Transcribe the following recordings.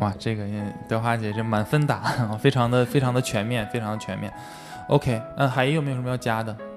哇，這個也、嗯，德華姐，這滿分打，非常的非常的全面，非常的全面。OK，那、嗯、還有沒有什麼要加的？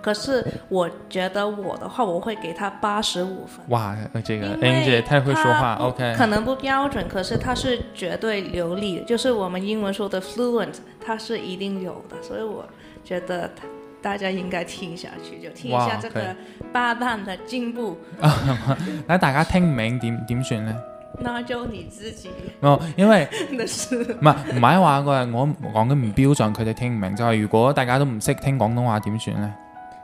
可是我覺得我的話，我會給他八十五分。哇，這個恩瑜姐太會說話，OK。可能不標準，可，標準 okay. 可是他是絕對流利，就是我們英文說的 fluent，他是一定有的。所以我覺得大家應該聽下去，就聽一下這個八蛋的進步。 那大家聽唔明點點算呢？那就你自己。哦，因為那是唔係唔係話我我講得唔標準，佢哋聽唔明就係、是、如果大家都唔識聽廣東話點算呢？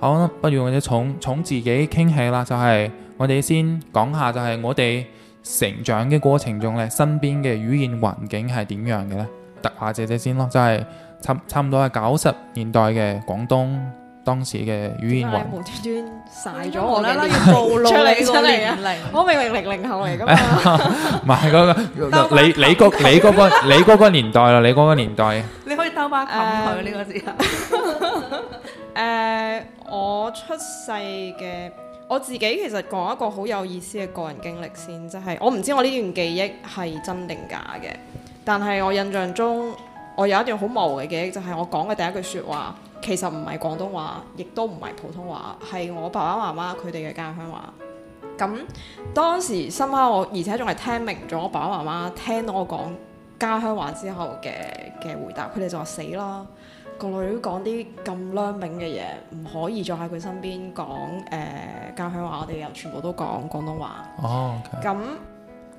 好啦，不如我哋重重自己傾起啦，就係我哋先講下，就係我哋成長嘅過程中咧，身邊嘅語言環境係點樣嘅咧？特下姐姐先咯，就係差差唔多係九十年代嘅廣東，當時嘅語言環境。無端端曬咗我啦，要暴露你出嚟啊！我明明零零後嚟噶嘛，唔係嗰個，你你嗰你嗰個你嗰個年代啦，你嗰個年代。你可以兜巴冚佢呢個時候。誒～我出世嘅，我自己其實講一個好有意思嘅個人經歷先，即係我唔知我呢段記憶係真定假嘅，但係我印象中我有一段好模糊嘅記憶，就係、是、我講嘅第一句説話其實唔係廣東話，亦都唔係普通話，係我爸爸媽媽佢哋嘅家鄉話。咁當時深刻我，而且仲係聽明咗我爸爸媽媽聽到我講家鄉話之後嘅嘅回答，佢哋就話死啦。個女講啲咁両柄嘅嘢，唔可以再喺佢身邊講誒。家、呃、鄉話我哋又全部都講廣東話。哦、oh, okay.，咁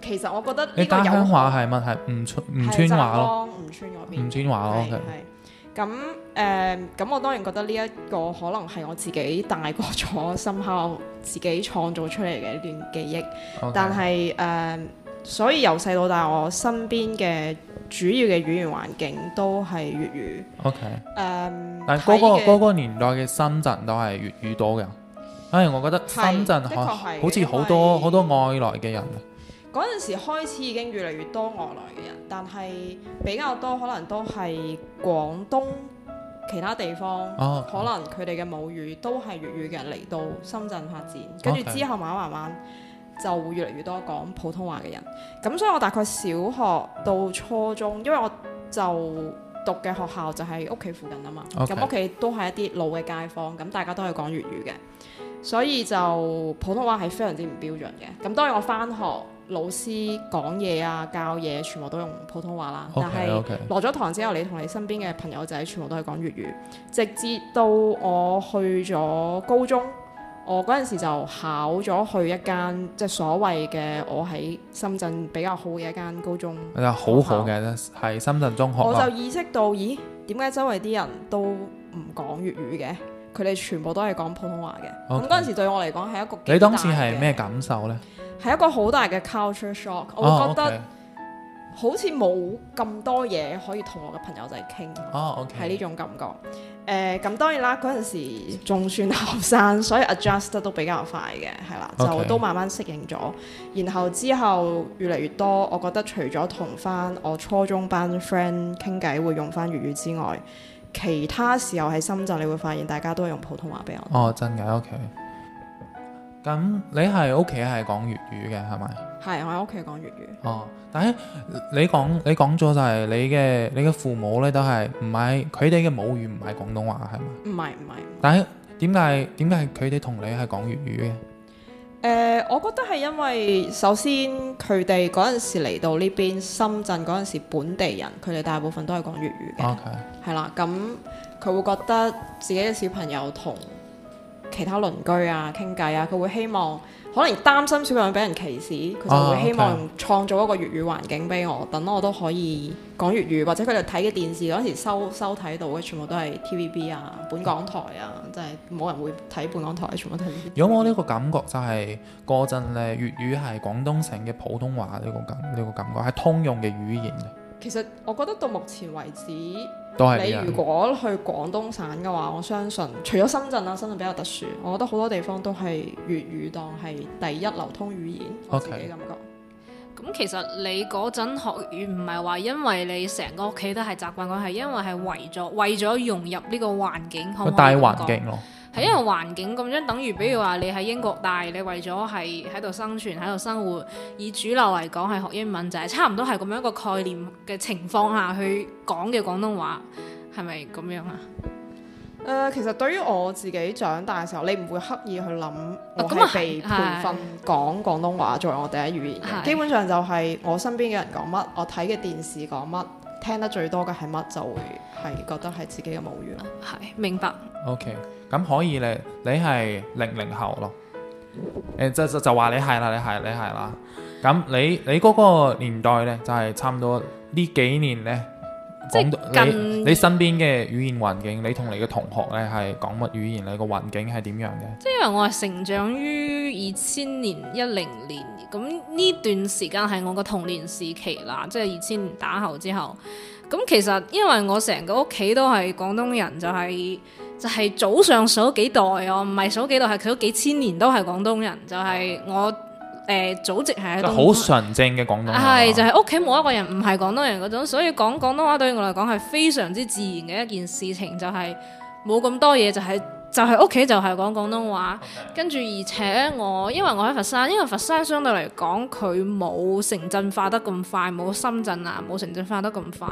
其實我覺得呢個家鄉話係問題，吳村村話咯，吳村嗰邊村話咯。係咁誒，咁、嗯呃嗯嗯嗯嗯、我當然覺得呢一個可能係我自己大個咗，深刻自己創造出嚟嘅一段記憶。Okay. 但係誒、呃，所以由細到大，我身邊嘅主要嘅語言環境都係粵語。OK。但係嗰個年代嘅深圳都係粵語多嘅。因、哎、為我覺得深圳可好似好多好為多外來嘅人。嗰陣、嗯、時開始已經越嚟越多外來嘅人，但係比較多可能都係廣東其他地方，哦、可能佢哋嘅母語都係粵語嘅人嚟到深圳發展，嗯、跟住之後慢慢慢慢。就會越嚟越多講普通話嘅人，咁所以我大概小學到初中，因為我就讀嘅學校就喺屋企附近啊嘛，咁屋企都係一啲老嘅街坊，咁大家都係講粵語嘅，所以就普通話係非常之唔標準嘅。咁當然我返學，老師講嘢啊、教嘢，全部都用普通話啦。Okay, okay. 但係落咗堂之後，你同你身邊嘅朋友仔全部都係講粵語，直至到我去咗高中。我嗰陣時就考咗去一間即係所謂嘅我喺深圳比較好嘅一間高中，係好好嘅，係校深圳中學。我就意識到，咦，點解周圍啲人都唔講粵語嘅？佢哋全部都係講普通話嘅。咁嗰陣時對我嚟講係一個你當時係咩感受呢？係一個好大嘅 culture shock，我覺得。Oh, okay. 好似冇咁多嘢可以同我嘅朋友仔傾，係呢、oh, okay. 種感覺。誒、呃，咁當然啦，嗰陣時仲算後生，所以 adjust 得都比較快嘅，係啦，Okay. 就都慢慢適應咗。然後之後越嚟越多，我覺得除咗同翻我初中班 friend 傾偈會用翻粵語之外，其他時候喺深圳，你會發現大家都係用普通話俾我。哦、oh,，真㗎？OK，咁你係屋企係講粵語嘅係咪？係，我喺屋企講粵語。哦，但係你講你講咗就係你嘅、你嘅父母咧，都係唔係佢哋嘅母語唔係廣東話係咪？唔係唔係。但係點解點解佢哋同你係講粵語嘅？誒、呃，我覺得係因為首先佢哋嗰陣時嚟到呢邊深圳嗰陣時本地人，佢哋大部分都係講粵語嘅。OK。係啦，咁佢會覺得自己嘅小朋友同其他鄰居啊傾偈啊，佢會希望。可能擔心小朋友俾人歧視，佢就會希望創造一個粵語環境俾我，等、oh, okay. 我都可以講粵語，或者佢哋睇嘅電視嗰時收收睇到嘅全部都係 TVB 啊、本港台啊，即係冇人會睇本港台，全部都係如果我、就係、呢、呢個呢個感覺，就係嗰陣咧，粵語係廣東省嘅普通話呢個感呢個感覺係通用嘅語言。其實我覺得到目前為止。你如果去廣東省嘅話，我相信除咗深圳啦，深圳比較特殊，我覺得好多地方都係粵語當係第一流通語言。Okay. 我自己感覺。咁其實你嗰陣學語，唔係話因為你成個屋企都係習慣講，係因為係為咗為咗融入呢個環境，好大環境咯。係因為環境咁樣，等於比如話你喺英國大，但你為咗係喺度生存，喺度生活，以主流嚟講係學英文，就係、是、差唔多係咁樣一個概念嘅情況下去講嘅廣東話，係咪咁樣啊？誒、呃，其實對於我自己長大嘅時候，你唔會刻意去諗我係被培訓講廣東話作為我第一語言，sí? 基本上就係我身邊嘅人講乜，我睇嘅電視講乜，聽得最多嘅係乜，就會係覺得係自己嘅母語咯。係。明白。OK。咁可以咧，你係零零後咯，誒、呃、就就就話你係啦，你係你係啦。咁你你嗰個年代呢，就係、是、差唔多呢幾年呢。近你，你身邊嘅語言環境，你同你嘅同學呢，係講乜語言？你個環境係點樣嘅？即係因為我係成長於二千年一零年，咁呢段時間係我嘅童年時期啦。即係二千年打後之後，咁其實因為我成個屋企都係廣東人，就係、是。就係早上數幾代哦，唔係數幾代，係佢幾千年都係廣東人。就係、是、我誒、呃、祖籍係好純正嘅廣東人，係就係屋企冇一個人唔係廣東人嗰種，所以講廣東話對於我嚟講係非常之自然嘅一件事情，就係冇咁多嘢就係、是。就係屋企就係講廣東話，跟住而且我因為我喺佛山，因為佛山相對嚟講佢冇城鎮化得咁快，冇深圳啊，冇城鎮化得咁快，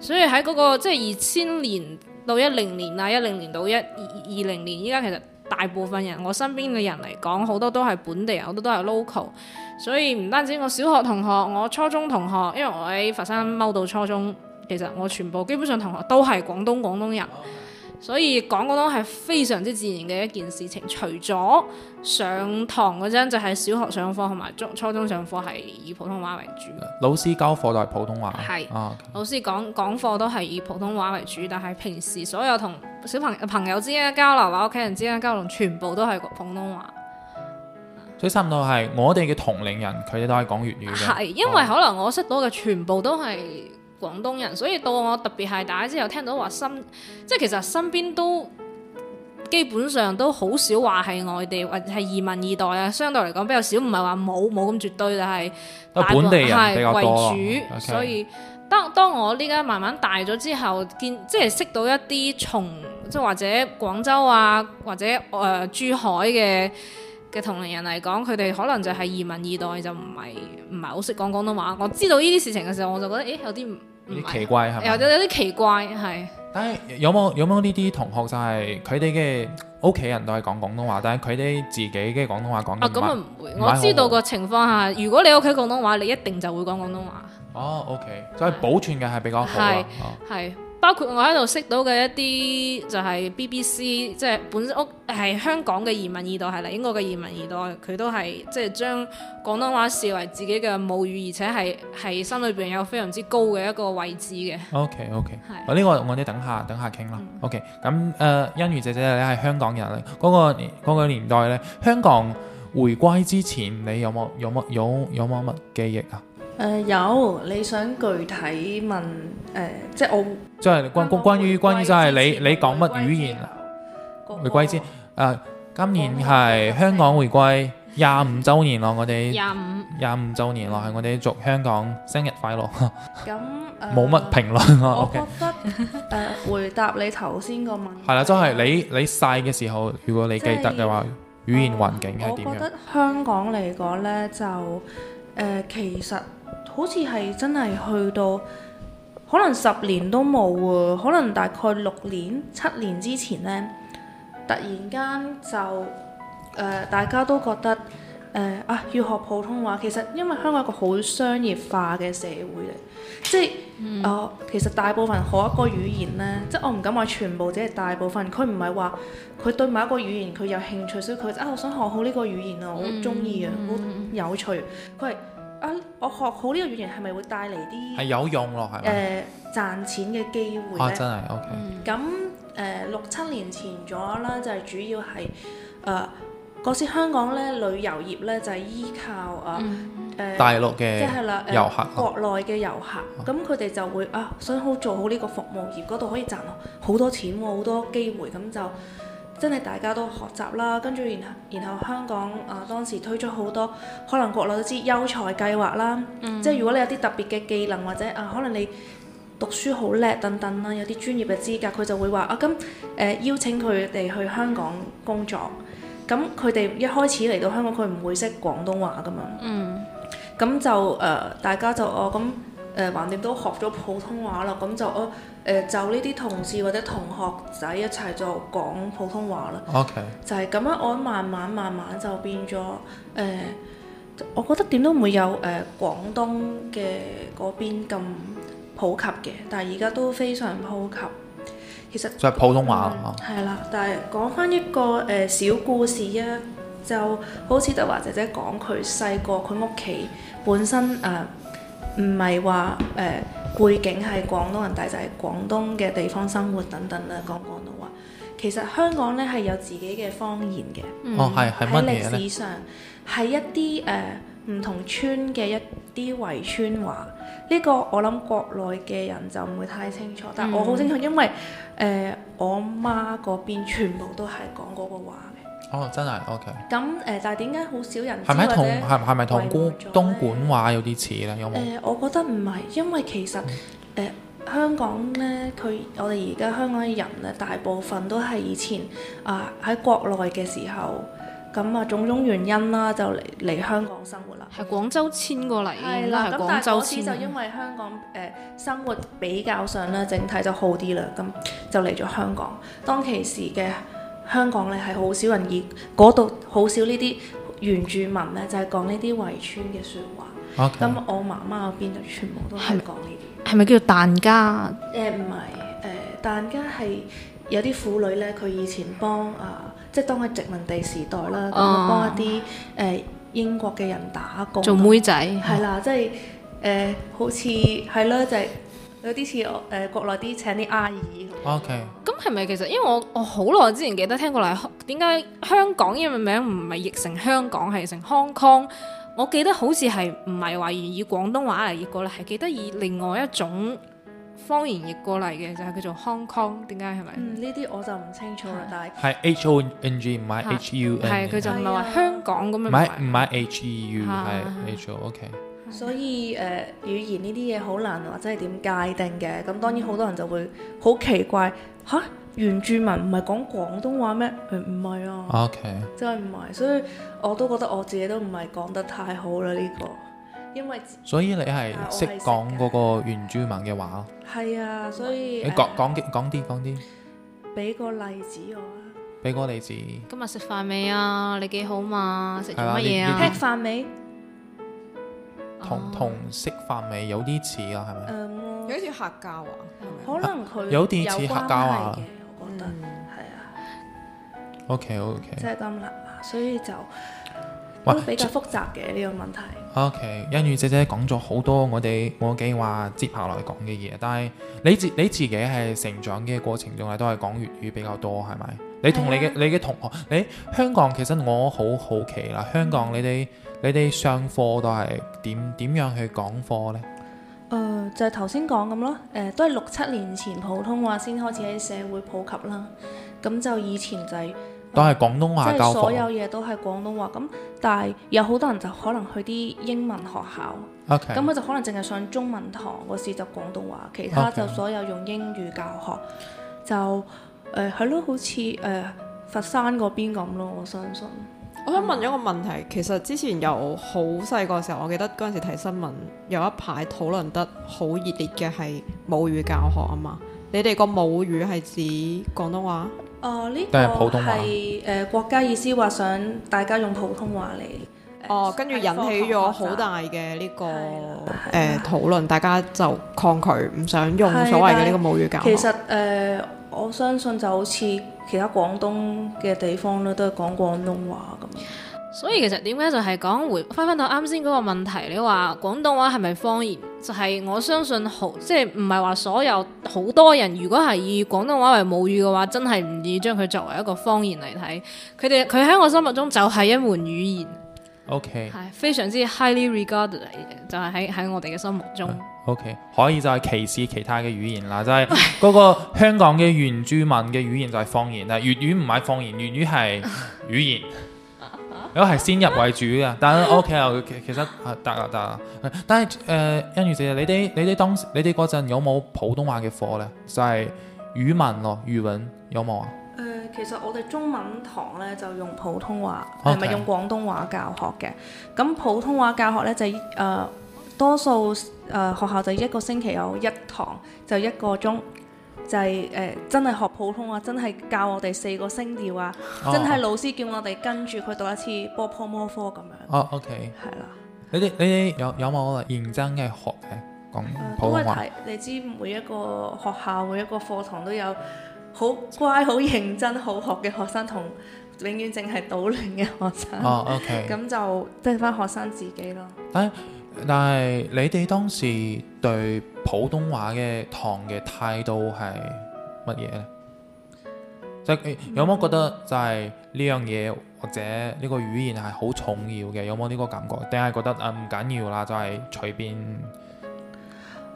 所以喺嗰個即係二千年到一零年啊，一零年到一二二零年，依家其實大部分人我身邊嘅人嚟講，好多都係本地人，好多都係 local，所以唔單止我小學同學，我初中同學，因為我喺佛山踎到初中，其實我全部基本上同學都係廣東廣東人。所以講廣東係非常之自然嘅一件事情，除咗上堂嗰陣就係、是、小學上課，同埋中初中上課係以普通話為主嘅。老師教課都係普通話，係啊是，oh, okay. 老師講講課都係以普通話為主，但係平時所有同小朋友朋友之間嘅交流啊、屋企人之間嘅交流，全部都係普通話。所以差唔多係我哋嘅同齡人，佢哋都係講粵語嘅。係因為可能我識到嘅全部都係。廣東人，所以到我特別係大家之後聽到話身，即係其實身邊都基本上都好少話係外地或者係移民二代啊，相對嚟講比較少，唔係話冇冇咁絕對，但係本地人比較多。Okay. 所以當當我呢家慢慢大咗之後，見即係識到一啲從即係或者廣州啊或者誒、呃、珠海嘅。嘅同齡人嚟講，佢哋可能就係移民二代，就唔係唔係好識講廣東話。我知道呢啲事情嘅時候，我就覺得誒、欸、有啲唔奇怪係吧，有有啲奇怪係。但係有冇有冇呢啲同學就係佢哋嘅屋企人都係講廣東話，但係佢哋自己嘅廣東話講咁啊、嗯、是我知道個情況下，嗯、如果你屋企廣東話，你一定就會講廣東話。哦，OK，所以保存嘅係比較好，係是。哦包括我喺度識到嘅一啲就係 BBC，即係本身屋係香港嘅移民二代，係嚟英國嘅移民二代，佢都係即係將廣東話視為自己嘅母語，而且係係心裏邊有非常之高嘅一個位置嘅。OK OK，係，呢個我哋等下等下傾啦。嗯，OK，咁誒，呃，恩瑜姐姐你係香港人，嚟，嗰個、嗰個年代咧，香港回歸之前，你有冇有冇有有冇乜記憶啊？誒，有你想具體問誒，即係我即係關關關於關於即係你你講乜語言回歸先誒，今年係香港回歸廿五周年咯，我哋廿五廿五周年咯，係我哋祝香港生日快樂。咁冇乜評論咯。我覺得誒，回答你頭先個問題係啦，即係你你細嘅時候，如果你記得嘅話，語言環境係點樣？我覺得香港嚟講咧，就誒，其實。好似係真係去到可能十年都冇喎，可能大概六年七年之前呢，突然間就誒、呃、大家都覺得誒、呃、啊要學普通話。其實因為香港係一個好商業化嘅社會嚟，即係、嗯、哦，其實大部分學一個語言呢，即係我唔敢話全部，即係大部分。佢唔係話佢對某一個語言佢有興趣，所以佢、就係、啊我想學好呢個語言啊，好中意嘅，好、嗯嗯、有趣。佢係。啊！我學好呢個語言係咪會帶嚟啲係有用咯？係咪誒賺錢嘅機會咧、啊？真係 OK、嗯。咁誒、呃、六七年前咗啦，就係、是、主要係啊嗰時香港咧，旅遊業咧就係、是、依靠啊誒大陸嘅即係啦遊客，國內嘅遊客，咁佢哋就會啊想好做好呢個服務業，嗰度可以賺好多錢，好多機會，咁就。真係大家都學習啦，跟住然後然後香港啊、呃、當時推出好多可能國內都知優才計劃啦，嗯、即係如果你有啲特別嘅技能或者啊、呃、可能你讀書好叻等等啦，有啲專業嘅資格，佢就會話啊咁誒、呃、邀請佢哋去香港工作，咁佢哋一開始嚟到香港佢唔會識廣東話噶嘛，咁、嗯、就誒、呃、大家就哦咁誒橫掂都學咗普通話啦，咁就誒。呃呃、就呢啲同事或者同學仔一齊就講普通話啦。Okay. 就係咁樣，我慢慢慢慢就變咗、呃、我覺得點都唔會有誒、呃、廣東嘅嗰邊咁普及嘅，但係而家都非常普及。其實就係普通話咯。係啦、呃嗯，但係講翻一個誒、呃、小故事啊，就好似德華姐姐講佢細個佢屋企本身誒唔係話誒。呃背景係廣東人大，大就係、是、廣東嘅地方生活等等啦，講廣東話。其實香港咧，係有自己嘅方言嘅。哦，係、嗯，係乜嘢咧？喺歷史上，係一啲誒唔同村嘅一啲圍村話。呢、這個我諗國內嘅人就唔會太清楚，但我好清楚，嗯，、因為誒、呃、我媽嗰邊全部都係講嗰個話。哦，oh, 真係 OK。咁、呃、誒，但係點解好少人？係咪同係係咪同姑東莞話有啲似咧？誒有冇、呃，我覺得唔係，因為其實誒、嗯呃、香港咧，佢我哋而家香港嘅人咧，大部分都係以前啊喺、呃、國內嘅時候咁啊、呃，種種原因啦，就嚟嚟香港生活啦。係廣州遷過嚟，已經都係廣州遷。就因為香港誒、呃、生活比較上咧，整體就好啲啦，咁、嗯、就嚟咗香港。當其時嘅。香港咧，係好少人以嗰度好少呢啲原住民咧，就係、是、講呢啲圍村嘅説話。咁 Okay.、嗯、我媽媽嗰邊就全部都係講呢啲。係咪叫疍家？誒唔係，誒疍、呃、家係有啲婦女咧，佢以前幫啊、呃，即係當佢殖民地時代啦，幫一啲誒、oh. 呃、英國嘅人打工。做妹仔。係、啊、啦，即係誒、呃，好似係啦，就係。有啲似誒國內啲請啲阿姨。O K。咁係咪其實因為我我好耐之前記得聽過嚟，點解香港英文嘅名唔係譯成香港係譯成 Hong Kong？我記得好似係唔係話以廣東話嚟譯過嚟，係記得以另外一種方言譯過嚟嘅，就係叫做 Hong Kong。點解係咪？嗯，呢啲我就唔清楚啦。係 H O N G 唔係 H U。係佢就唔係話香港咁樣。唔係唔係 H E U 係 H O。O K。所以誒、呃，語言呢啲嘢好難或者係點界定嘅。咁當然好多人就會好奇怪嚇、嗯，原住民唔係講廣東話咩？唔、嗯、係啊。OK。真係唔係，所以我都覺得我自己都唔係講得太好啦呢、呢個，因為所以你係識講嗰個原住民嘅話。係啊，啊，所以你講、呃、講講啲講啲講啲，俾個例子我、啊。俾個例子。今日食飯未啊？嗯、你幾好嘛？食咗乜嘢啊吃 a 飯未？同同食飯味有啲似啊，係咪？嗯，有啲似客家啊，可能佢有啲似客家啊，我覺得係啊。OK OK，即係咁啦，所以就都比較複雜嘅呢個問題。OK，恩瑜姐姐講咗好多我哋我計劃接下來講嘅嘢，但係你自你自己係成長嘅過程中，係都係講粵語比較多，係咪？你同你嘅你嘅同學，你香港其實我好好奇啦，香港你哋。你哋上課都係點點樣去講課呢？誒、呃，就係頭先講咁咯。誒、呃，都係六七年前普通話先開始喺社會普及啦。咁就以前就係、是、都係廣東話教、呃即係、所有嘢都係廣東話。咁但係有好多人就可能去啲英文學校，咁佢 Okay. 就可能淨係上中文堂嗰時就廣東話，其他 Okay. 就所有用英語教學。就誒係咯，好似誒、呃、佛山嗰邊咁咯，我相信。我想問一個問題，其實之前有好細個時候，我記得嗰陣時睇新聞有一排討論得好熱烈嘅係母語教學啊嘛。你哋個母語係指廣東話？哦，呢、這個係誒、呃、國家意思話想大家用普通話嚟。呃、哦，跟住引起咗好大嘅呢、這個誒、呃、討論，大家就抗拒唔想用所謂嘅呢個母語教學。其實誒。呃我相信就好似其他廣東嘅地方咧，都係講廣東話咁。所以其實點解就係講回翻翻到啱先嗰個問題，你話廣東話係咪方言？就係、是、我相信好，即係唔係話所有好多人，如果係以廣東話為母語嘅話，真係唔易將佢作為一個方言嚟睇。佢哋佢喺我心目中就係一門語言。OK，係非常之 highly regarded 嚟嘅，就係喺喺我哋嘅心目中。嗯 O、okay, K，可以就係歧視其他嘅語言啦，就係、是、嗰個香港嘅原住民嘅語言就係方言啦。但粵語唔係方言，粵語係語言。如果係先入為主嘅，但係 O K 又其其實得啊得啊。但係誒，恩瑜姐你哋你哋當你哋嗰陣有冇普通話嘅課咧？就係、是、語文咯、啊，語文有冇啊？誒、呃，其實我哋中文堂咧就用普通話，係咪用廣東話教學嘅。咁 Okay. 普通話教學咧就誒、呃、多數。誒、呃、學校就一個星期有一堂，就一個鐘，就係、是、誒、呃、真係學普通話，真係教我哋四個聲調啊，哦、真係老師叫我哋跟住佢讀一次波波摩科咁樣。哦，OK，係啦，你哋你哋有有冇嚟認真嘅學嘅講普通話？呃、你知每一個學校每一個課堂都有好乖、好認真、好學嘅學生同永遠淨係搗亂嘅學生。學生哦，OK，咁、 嗯、就即係翻學生自己咯。啊。但係你哋當時對普通話嘅堂嘅態度係乜嘢呢？即、就、係、是欸、有冇覺得就係呢樣嘢或者呢個語言係好重要嘅？有冇呢個感覺？定係覺得誒唔緊要啦，就係、是、隨便。誒、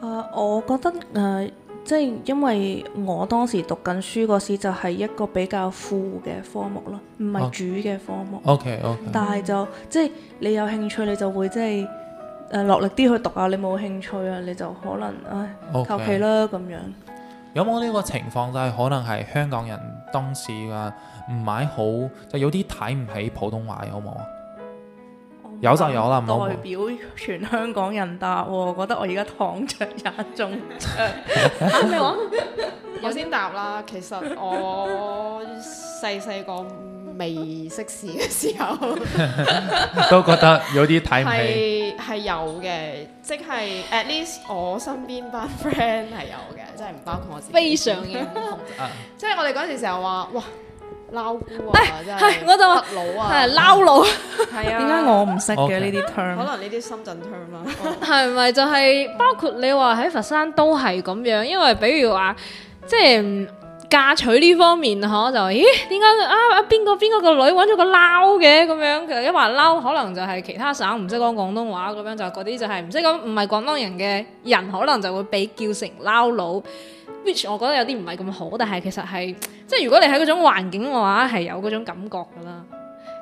呃，我覺得誒，即、呃、係、就是、因為我當時讀緊書嗰時就係一個比較副嘅科目咯，唔係主嘅科目。O K O K。啊、okay, okay, okay. 但係就即係、就是、你有興趣，你就會即係。就是誒落、呃、力啲去讀啊！你冇興趣啊，你就可能唉求其啦咁樣。有冇呢個情況？就係、是、可能係香港人當時啊，唔買好就是、有啲睇唔起普通話，好唔好？有冇啊？有就有啦，代表全香港人答喎、哦。覺得我而家躺着，也中。你講，我先答啦。其實我細細個。未識事嘅時候， 都覺得有啲睇唔起。係 有嘅，即、就、係、係、at least 我身邊班 friend 係有嘅，即係唔包括我自己。非常認同。即係我哋嗰陣時成日話哇撈姑啊，真係撈佬啊，撈佬、哎。係是啊。點解、啊 啊、我唔識嘅呢啲 term？可能呢啲深圳 term 啦、啊。係咪 就係包括你話喺佛山都係咁樣？因為比如話即係。就是嫁娶呢方面，嗬就，咦？點解啊？邊個邊個個女搵咗個撈嘅咁樣？其實一話撈，可能就係其他省唔識講廣東話咁樣就，就嗰啲就係唔識講，唔係廣東人嘅人，可能就會被叫成撈佬。Which 我覺得有啲唔係咁好，但係其實係即係如果你喺嗰種環境嘅話，係有嗰種感覺噶啦。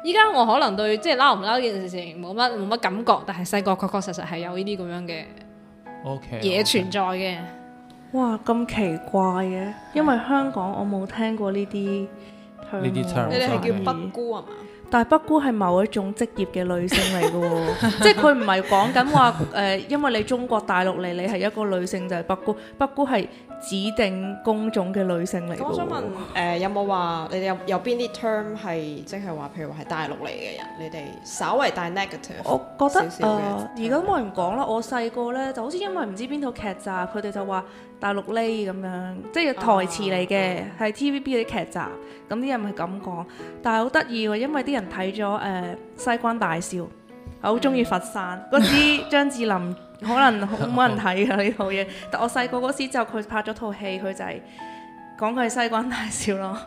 依家我可能對即係撈唔撈呢件事情冇乜冇乜感覺，但係細個確確實實係有呢啲咁樣嘅嘢存在嘅。Okay, okay. 哇咁奇怪嘅，啊，因為香港我冇聽過呢啲，呢啲 term，你哋係叫北姑係嘛？但係北姑係某一種職業嘅女性嚟嘅喎， 即係佢唔係講緊話誒，因為你中國大陸嚟，你係一個女性就係、是、北姑，北姑係指定工種嘅女性嚟嘅。我想問誒、呃，有冇話你哋有有邊啲 term 係即係話，就是、譬如話係大陸嚟嘅人，你哋稍微大 negative？我覺得誒，而家冇人講啦。我細個咧就好似因為唔知邊套劇集，佢哋就話。大陸唻咁樣，即係台詞嚟嘅，係 TVB 嗰啲劇集，咁啲人咪咁講。但係好得意喎，因為啲人睇咗誒《西關大少》嗯，我好中意佛山嗰時張智霖， 可能冇人睇㗎呢套嘢。 但我細個嗰時之後，佢拍咗套戲，佢就係講佢係《西關大少》咯。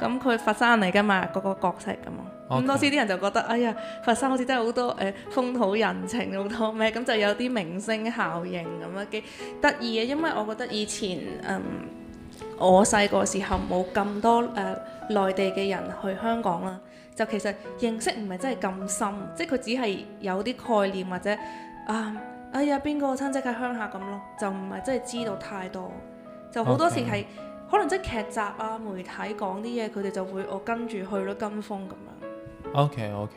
咁佢佛山嚟噶嘛，個、嗰個角色咁咁 Okay. 多時啲人就覺得，哎呀，佛山好似真係好多誒、呃、風土人情，好多咩咁，就有啲明星效應咁樣幾得意啊！因為我覺得以前嗯，我細個時候冇咁多誒、呃、內地嘅人去香港啦，就其實認識唔係真係咁深，即係佢只係有啲概念或者啊，哎呀邊個親戚喺鄉下咁咯，就唔係真係知道太多，就好多時係 Okay. 可能即係劇集啊、媒體講啲嘢，佢哋就會我跟住去咯，跟風咁樣。O K O K，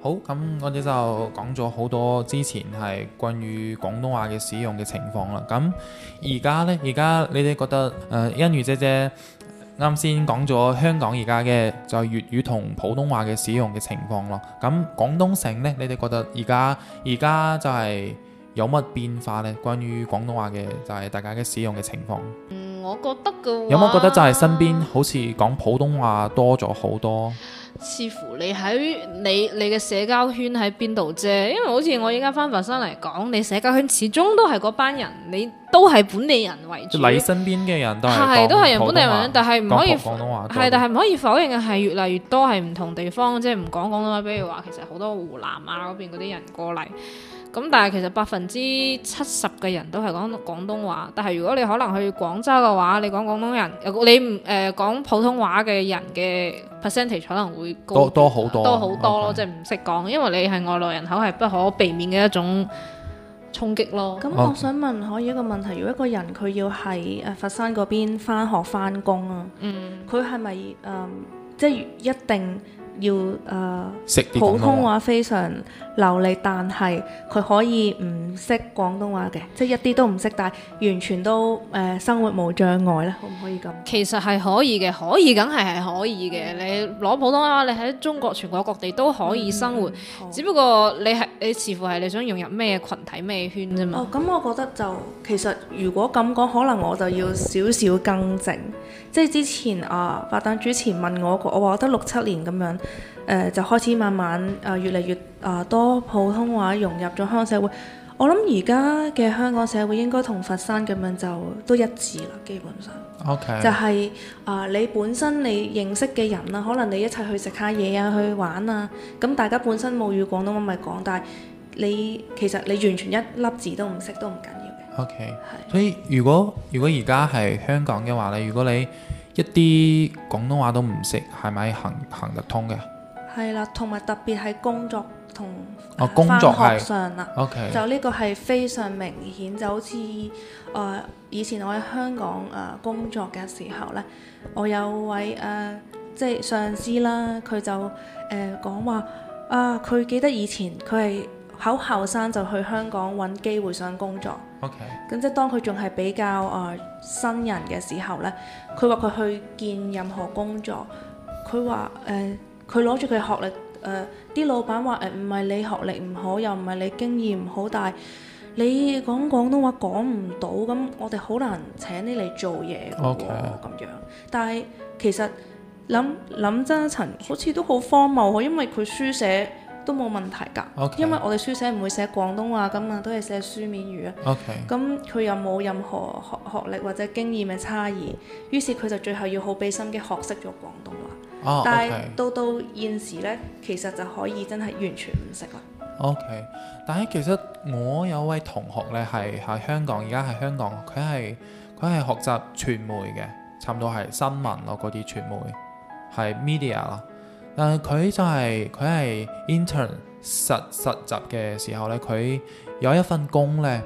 好，咁我哋就講咗好多之前係關於廣東話嘅使用嘅情況啦。咁而家呢，而家你哋覺得誒、呃，恩瑜姐姐啱先講咗香港而家嘅就係粵語同普通話嘅使用嘅情況咯。咁廣東省呢，你哋覺得而家而家就係有乜變化呢？關於廣東話嘅就係大家嘅使用嘅情況。嗯，我覺得嘅有冇覺得就係身邊好似講普通話多咗好多？似乎你喺你你嘅社交圈喺邊度啫，因為好似我依家翻佛山嚟講，你社交圈始終都係嗰班人，你都係本地人為主。你身邊嘅人都係講都係人本地人，但係唔可以係，但係唔可以否認嘅係越嚟越多係唔同地方，即係唔講廣東話。比如話其實好多湖南啊嗰邊嗰啲人過嚟。咁但係其實百分之七十嘅人都係講廣東話，但係如果你可能去廣州嘅話，你講廣東人，你唔誒、呃、講普通話嘅人嘅 percentage 可能會高多好多多好多，多，多，多咯，okay. 即係唔識講，因為你係外來人口係不可避免嘅一種衝擊咯。咁我想問可以一個問題，如果一個人佢要喺誒佛山嗰邊返學返工啊，嗯，佢係咪誒即係一定要誒、呃、識講普通話非常流利，但係佢可以唔識廣東話嘅，即係一啲都唔識，但係完全都誒、呃、生活無障礙咧。可唔可以咁？其實係可以嘅，可以梗係係可以嘅。你攞普通話、啊，你喺中國全國各地都可以生活。嗯嗯嗯、只不過你係你似乎係你想融入咩群體咩圈啫嘛。哦，咁我覺得就其實如果咁講，可能我就要少少更正。即係之前啊，八蛋主持問我個，我話我得六七年咁樣，誒、呃、就開始慢慢啊、呃、越嚟越。啊，多普通話融入咗香港社會，我諗而家嘅香港社會應該同佛山咁樣就都一致啦，基本上。Okay。就係、是、啊，你本身你認識嘅人啦，啊，可能你一齊去食下嘢啊，去玩啊，咁大家本身冇語廣東話咪講，但係你其實你完全一粒字都唔識都唔緊要嘅。Okay。係。所以如果如果而家係香港嘅話咧，如果你一啲廣東話都唔識，係咪行行得通嘅？係啦，同埋特別喺工作同返、啊、學上啦，okay. 就呢個係非常明顯，就好似誒、呃、以前我喺香港誒、呃、工作嘅時候咧，我有位誒、呃、即係上司啦，佢就誒、呃、講話啊，佢、呃、記得以前佢係好後生就去香港揾機會想工作，咁 Okay. 即係當佢仲係比較誒、呃、新人嘅時候咧，佢話佢去見任何工作，佢話誒。呃佢攞住佢學歷，誒、呃、啲老闆話誒唔係你學歷唔好，又唔係你經驗唔好，但係你講廣東話講唔到，咁我哋好難請你嚟做嘢嘅喎，咁 Okay. 樣。但係其實諗諗真一層，好似都好荒謬，因為佢書寫都冇問題㗎，Okay. 因為我哋書寫唔會寫廣東話㗎嘛，都係寫書面語啊。咁佢又冇任何學學歷或者經驗嘅差異，於是佢就最後要好俾心機學識咗廣東話。啊、但係到到現時呢，啊 okay. 其實就可以真係完全唔識啦。OK，但係其實我有位同學呢，係喺香港，而家喺香港，佢係佢係學習傳媒嘅，差唔多係新聞咯，嗰啲傳媒係 media 啦。但係佢就係、是、佢係 intern 實實習嘅時候呢，佢有一份工呢，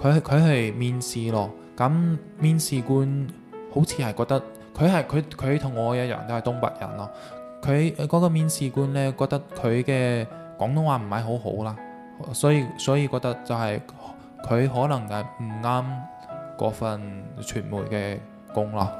佢佢係面試咯。咁面試官好似係覺得。佢係佢佢同我一樣都係東北人咯、啊，佢嗰、嗰個面試官咧覺得佢嘅廣東話唔係好好啦，所以所以覺得就係、是、佢可能係唔啱嗰份傳媒嘅工咯。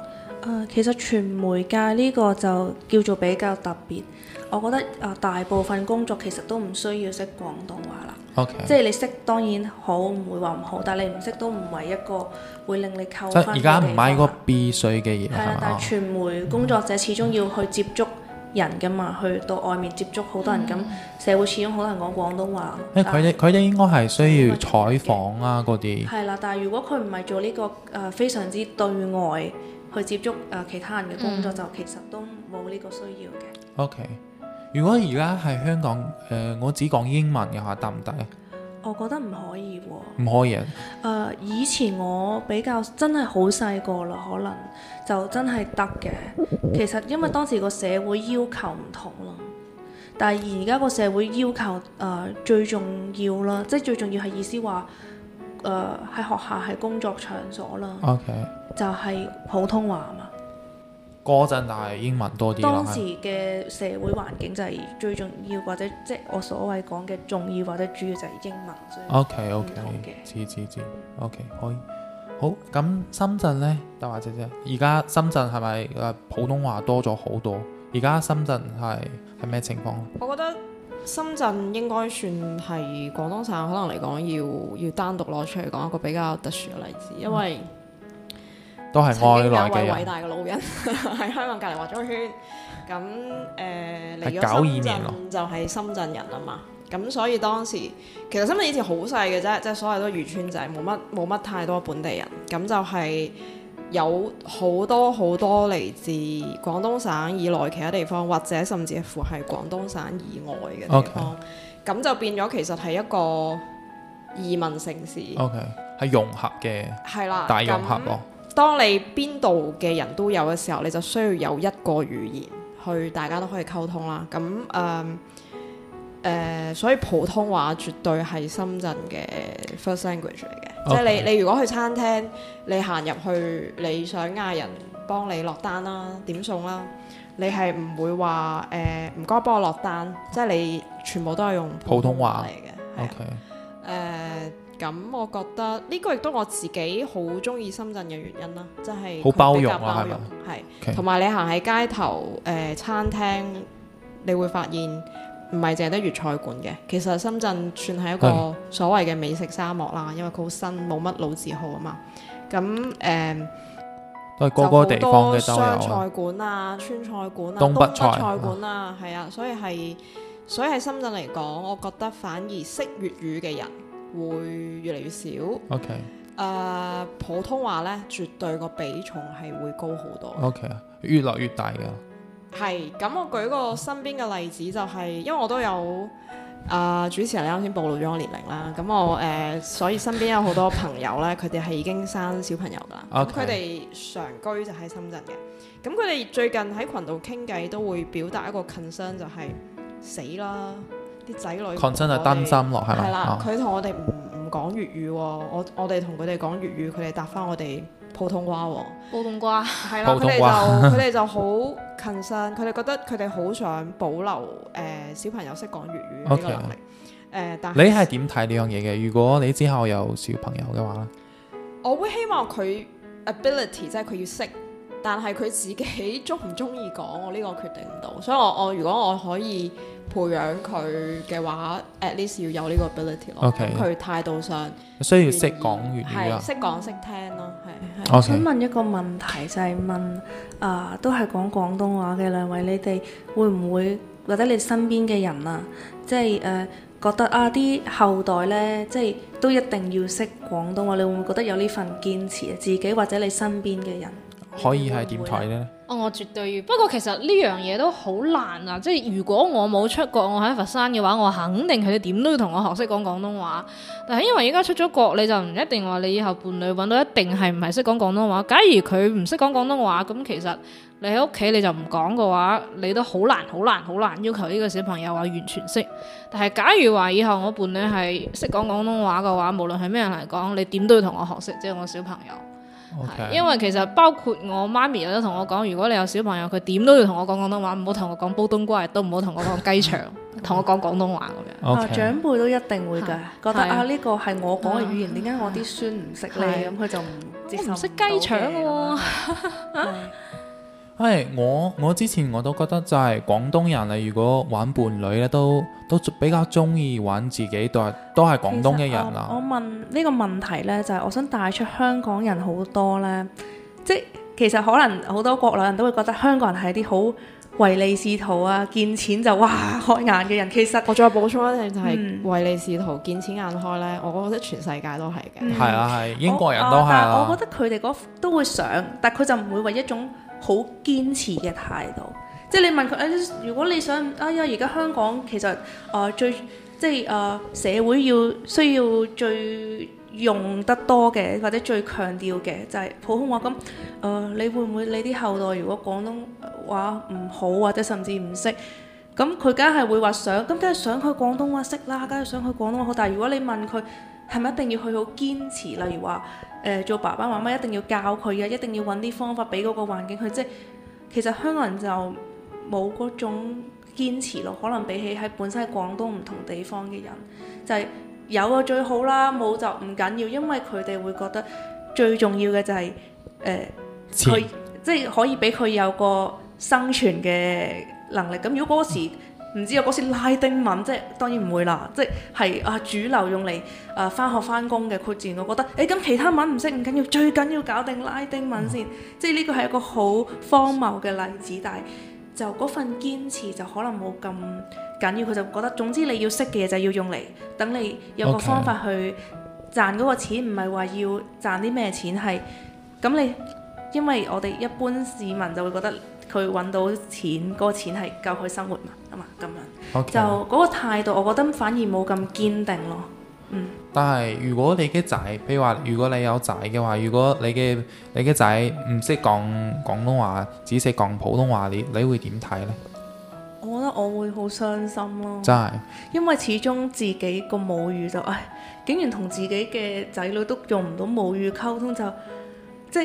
誒，其實傳媒界呢個就叫做比較特別。我覺得誒大部分工作其實都唔需要識廣東話啦。OK，即係你識當然好，唔會話唔好，但係你唔識都唔係一個會令你扣翻。而家唔係一個必須嘅嘢。係但係傳媒工作者始終要去接觸人㗎嘛，去到外面接觸好多人咁，嗯、社會始終好多人講廣東話。誒、欸，佢哋佢哋應該係需要採訪啊嗰啲。係啦、嗯些，但係如果佢唔係做呢、這個誒、呃、非常之對外。去接觸誒、呃、其他人嘅工作，就、嗯、其實都冇呢個需要嘅。O、okay. K，如果而家係香港誒、呃，我只講英文嘅話，得唔得？我覺得唔可以喎、哦。唔可以啊？誒、呃，以前我比較真係好細個啦，可能就真係得嘅。其實因為當時個社會要求唔同啦，但係而家個社會要求誒、呃、最重要啦，即係最重要係意思話誒喺學校喺工作場所啦。O K。就係普通話嘛，嗰陣就係英文多啲。當時嘅社會環境就係最重要，或者即係我所謂講嘅重要或者主要就係英文。OK OK OK，知知知，OK 可以好。咁深圳呢，得或者啫，而家深圳係咪誒普通話多咗好多？而家深圳係係咩情況？我覺得深圳應該算係廣東省，可能嚟講要要單獨攞出嚟講一個比較特殊嘅例子，嗯、因為都係愛內嘅一位偉大嘅老人喺 香港隔離畫咗圈，咁誒嚟咗深圳九二年就係深圳人啊嘛。咁所以當時其實深圳以前好細嘅啫，即、就、係、是、所謂都漁村仔，冇乜冇乜太多本地人。咁就係有好多好多嚟自廣東省以內其他地方，或者甚至乎係廣東省以外嘅地方。咁 Okay. 就變咗其實係一個移民城市。O K. 係融合嘅，係啦，大融合囉。當你邊度嘅人都有嘅時候，你就需要有一個語言去大家都可以溝通啦。咁誒誒，所以普通話絕對係深圳嘅 first language 嚟嘅。Okay. 即係你，你如果去餐廳，你行入去，你想嗌人幫你落單啦、點餸啦，你係唔會話誒唔該幫我落單，即係你全部都係用普通話嚟嘅。OK，誒、啊。呃咁我覺得呢個亦都我自己好中意深圳嘅原因啦，真係好包容啊，係吧，係同埋你行喺街頭誒、呃、餐廳，你會發現唔係淨係得粵菜館嘅，其實深圳算係一個所謂嘅美食沙漠啦，嗯、因為佢好新，冇乜老字號啊嘛。咁誒，呃、都係個個地方嘅都有，湘菜館啊、川菜館啊、東北菜館啊，係啊，所以係所以喺深圳嚟講，我覺得反而識粵語嘅人，會越嚟越少。OK。誒、呃，普通話咧，絕對個比重係會高好多。OK 越嚟越大嘅。係，咁我舉個身邊嘅例子就係、是，因為我都有誒、呃、主持人你啱先暴露咗我年齡啦，咁我誒所以身邊有好多朋友咧，佢哋係已經生小朋友噶啦，佢哋 Okay. 常居就喺深圳嘅，咁佢哋最近喺群度傾偈都會表達一個 concern 就係死啦。啲仔女，真係擔心落係咪？係們嗎啦，佢同、哦、我哋唔唔講粵語，我我哋同佢哋講粵語，佢哋答返我哋普通話。普通話係啦，佢哋就佢哋就好近身，佢哋覺得佢哋好想保留誒小朋友識講粵語呢個能力。誒，但你係點睇呢樣嘢嘅？如果你之後有小朋友嘅話，我會希望佢 ability 即係佢要識，但係佢自己鍾唔鍾意講，我呢個決定唔到。所以我我如果我可以。培養佢嘅話，at least 要有呢個 ability 咯。佢態度上需要識講粵語，係識講識聽咯。係。Okay. 我想問一個問題，就係、是、問啊，都係講廣東話嘅兩位，你哋會唔會或者你身邊嘅人啊，即係誒、啊、覺得啊啲後代呢，即係都一定要識廣東話，你會唔會覺得有呢份堅持啊？自己或者你身邊嘅人會會可以係點睇呢？呢哦，oh, 我絕對要。不過其實呢樣嘢都好難啊！即係如果我冇出國，我喺佛山嘅話，我肯定佢哋點都要同我學識講廣東話。但係因為而家出咗國，你就唔一定話你以後伴侶揾到一定係唔係識講廣東話。假如佢唔識講廣東話，咁其實你喺屋企你就唔講嘅話，你都好難、好難、好難要求呢個小朋友話完全識。但係假如話以後我伴侶係識講廣東話嘅話，無論係咩人嚟講，你點都要同我學識，即係我小朋友。Okay. 因為其實包括我媽咪有都同我講，如果你有小朋友，佢點都要同我講廣東話，唔好同我講煲冬瓜，亦都唔好同我講雞腸，同 我講廣東話咁樣。哦 Okay.、啊，長輩都一定會噶，是覺得是啊呢、這個係我講嘅語言，點解、啊、我啲孫唔識呢？咁佢是、嗯、就唔接受、啊。我唔識雞腸喎。 係、hey，我我之前我都覺得就係廣東人，你如果玩伴侶咧，都都比較中意玩自己，都係都係廣東嘅人啦、嗯。我問呢個問題呢，就係、是、我想帶出香港人好多呢。即其實可能好多國內人都會覺得香港人係啲好唯利是圖啊，見錢就哇開眼嘅人。其實我再補充一啲就係唯利是圖，見錢眼開呢。嗯、我覺得全世界都係嘅。係、嗯、啊係，英國人都係。我，啊、我覺得佢哋嗰都會想，但佢就唔會為一種。好堅持嘅態度，即係你問佢，如果你想，哎呀，而家香港其實，啊、呃、最，即係啊、呃、社會要需要最用得多嘅，或者最強調嘅就係、是、普通話咁。誒、呃，你會唔會你啲後代如果廣東話唔好，或者甚至唔識，咁佢梗係會話想，咁梗係想去廣東話識啦，梗係想去廣東話好。但係如果你問佢，係咪一定要去好堅持？例如話誒、呃，做爸爸媽媽一定要教佢啊，一定要揾啲方法俾嗰個環境佢。即係其實香港人就冇嗰種堅持咯。可能比起喺本身喺廣東唔同地方嘅人，就係、是、有就最好啦，冇就唔緊要，因為佢哋會覺得最重要嘅就係、是、誒、呃像，即係可以俾佢有個生存嘅能力。咁如果嗰時，嗯唔知啊，嗰時拉丁文即係當然唔會啦，即係啊主流用嚟啊返學返工嘅括展。我覺得誒咁、欸、其他文唔識唔緊要，最緊要搞定拉丁文先。嗯、即係呢個係一個好荒謬嘅例子，但係就嗰份堅持就可能冇咁緊要。佢就覺得總之你要識嘅嘢就要用嚟，等你有個方法去賺嗰個錢，唔係話要賺啲咩錢係咁你，因為我哋一般市民就會覺得。佢揾到錢，嗰、嗰個錢係夠佢生活嘛？啊嘛咁樣，Okay. 就嗰、嗰個態度，我覺得反而冇咁堅定咯。嗯、但係如果你嘅仔，譬如，如話，如果你有仔嘅話，如果你嘅你嘅仔唔識講廣東話，只識講普通話，你你會點睇呢？我覺得我會好傷心咯，啊。真係的。因為始終自己個母語就，唉，竟然同自己嘅仔女都用唔到母語溝通就，就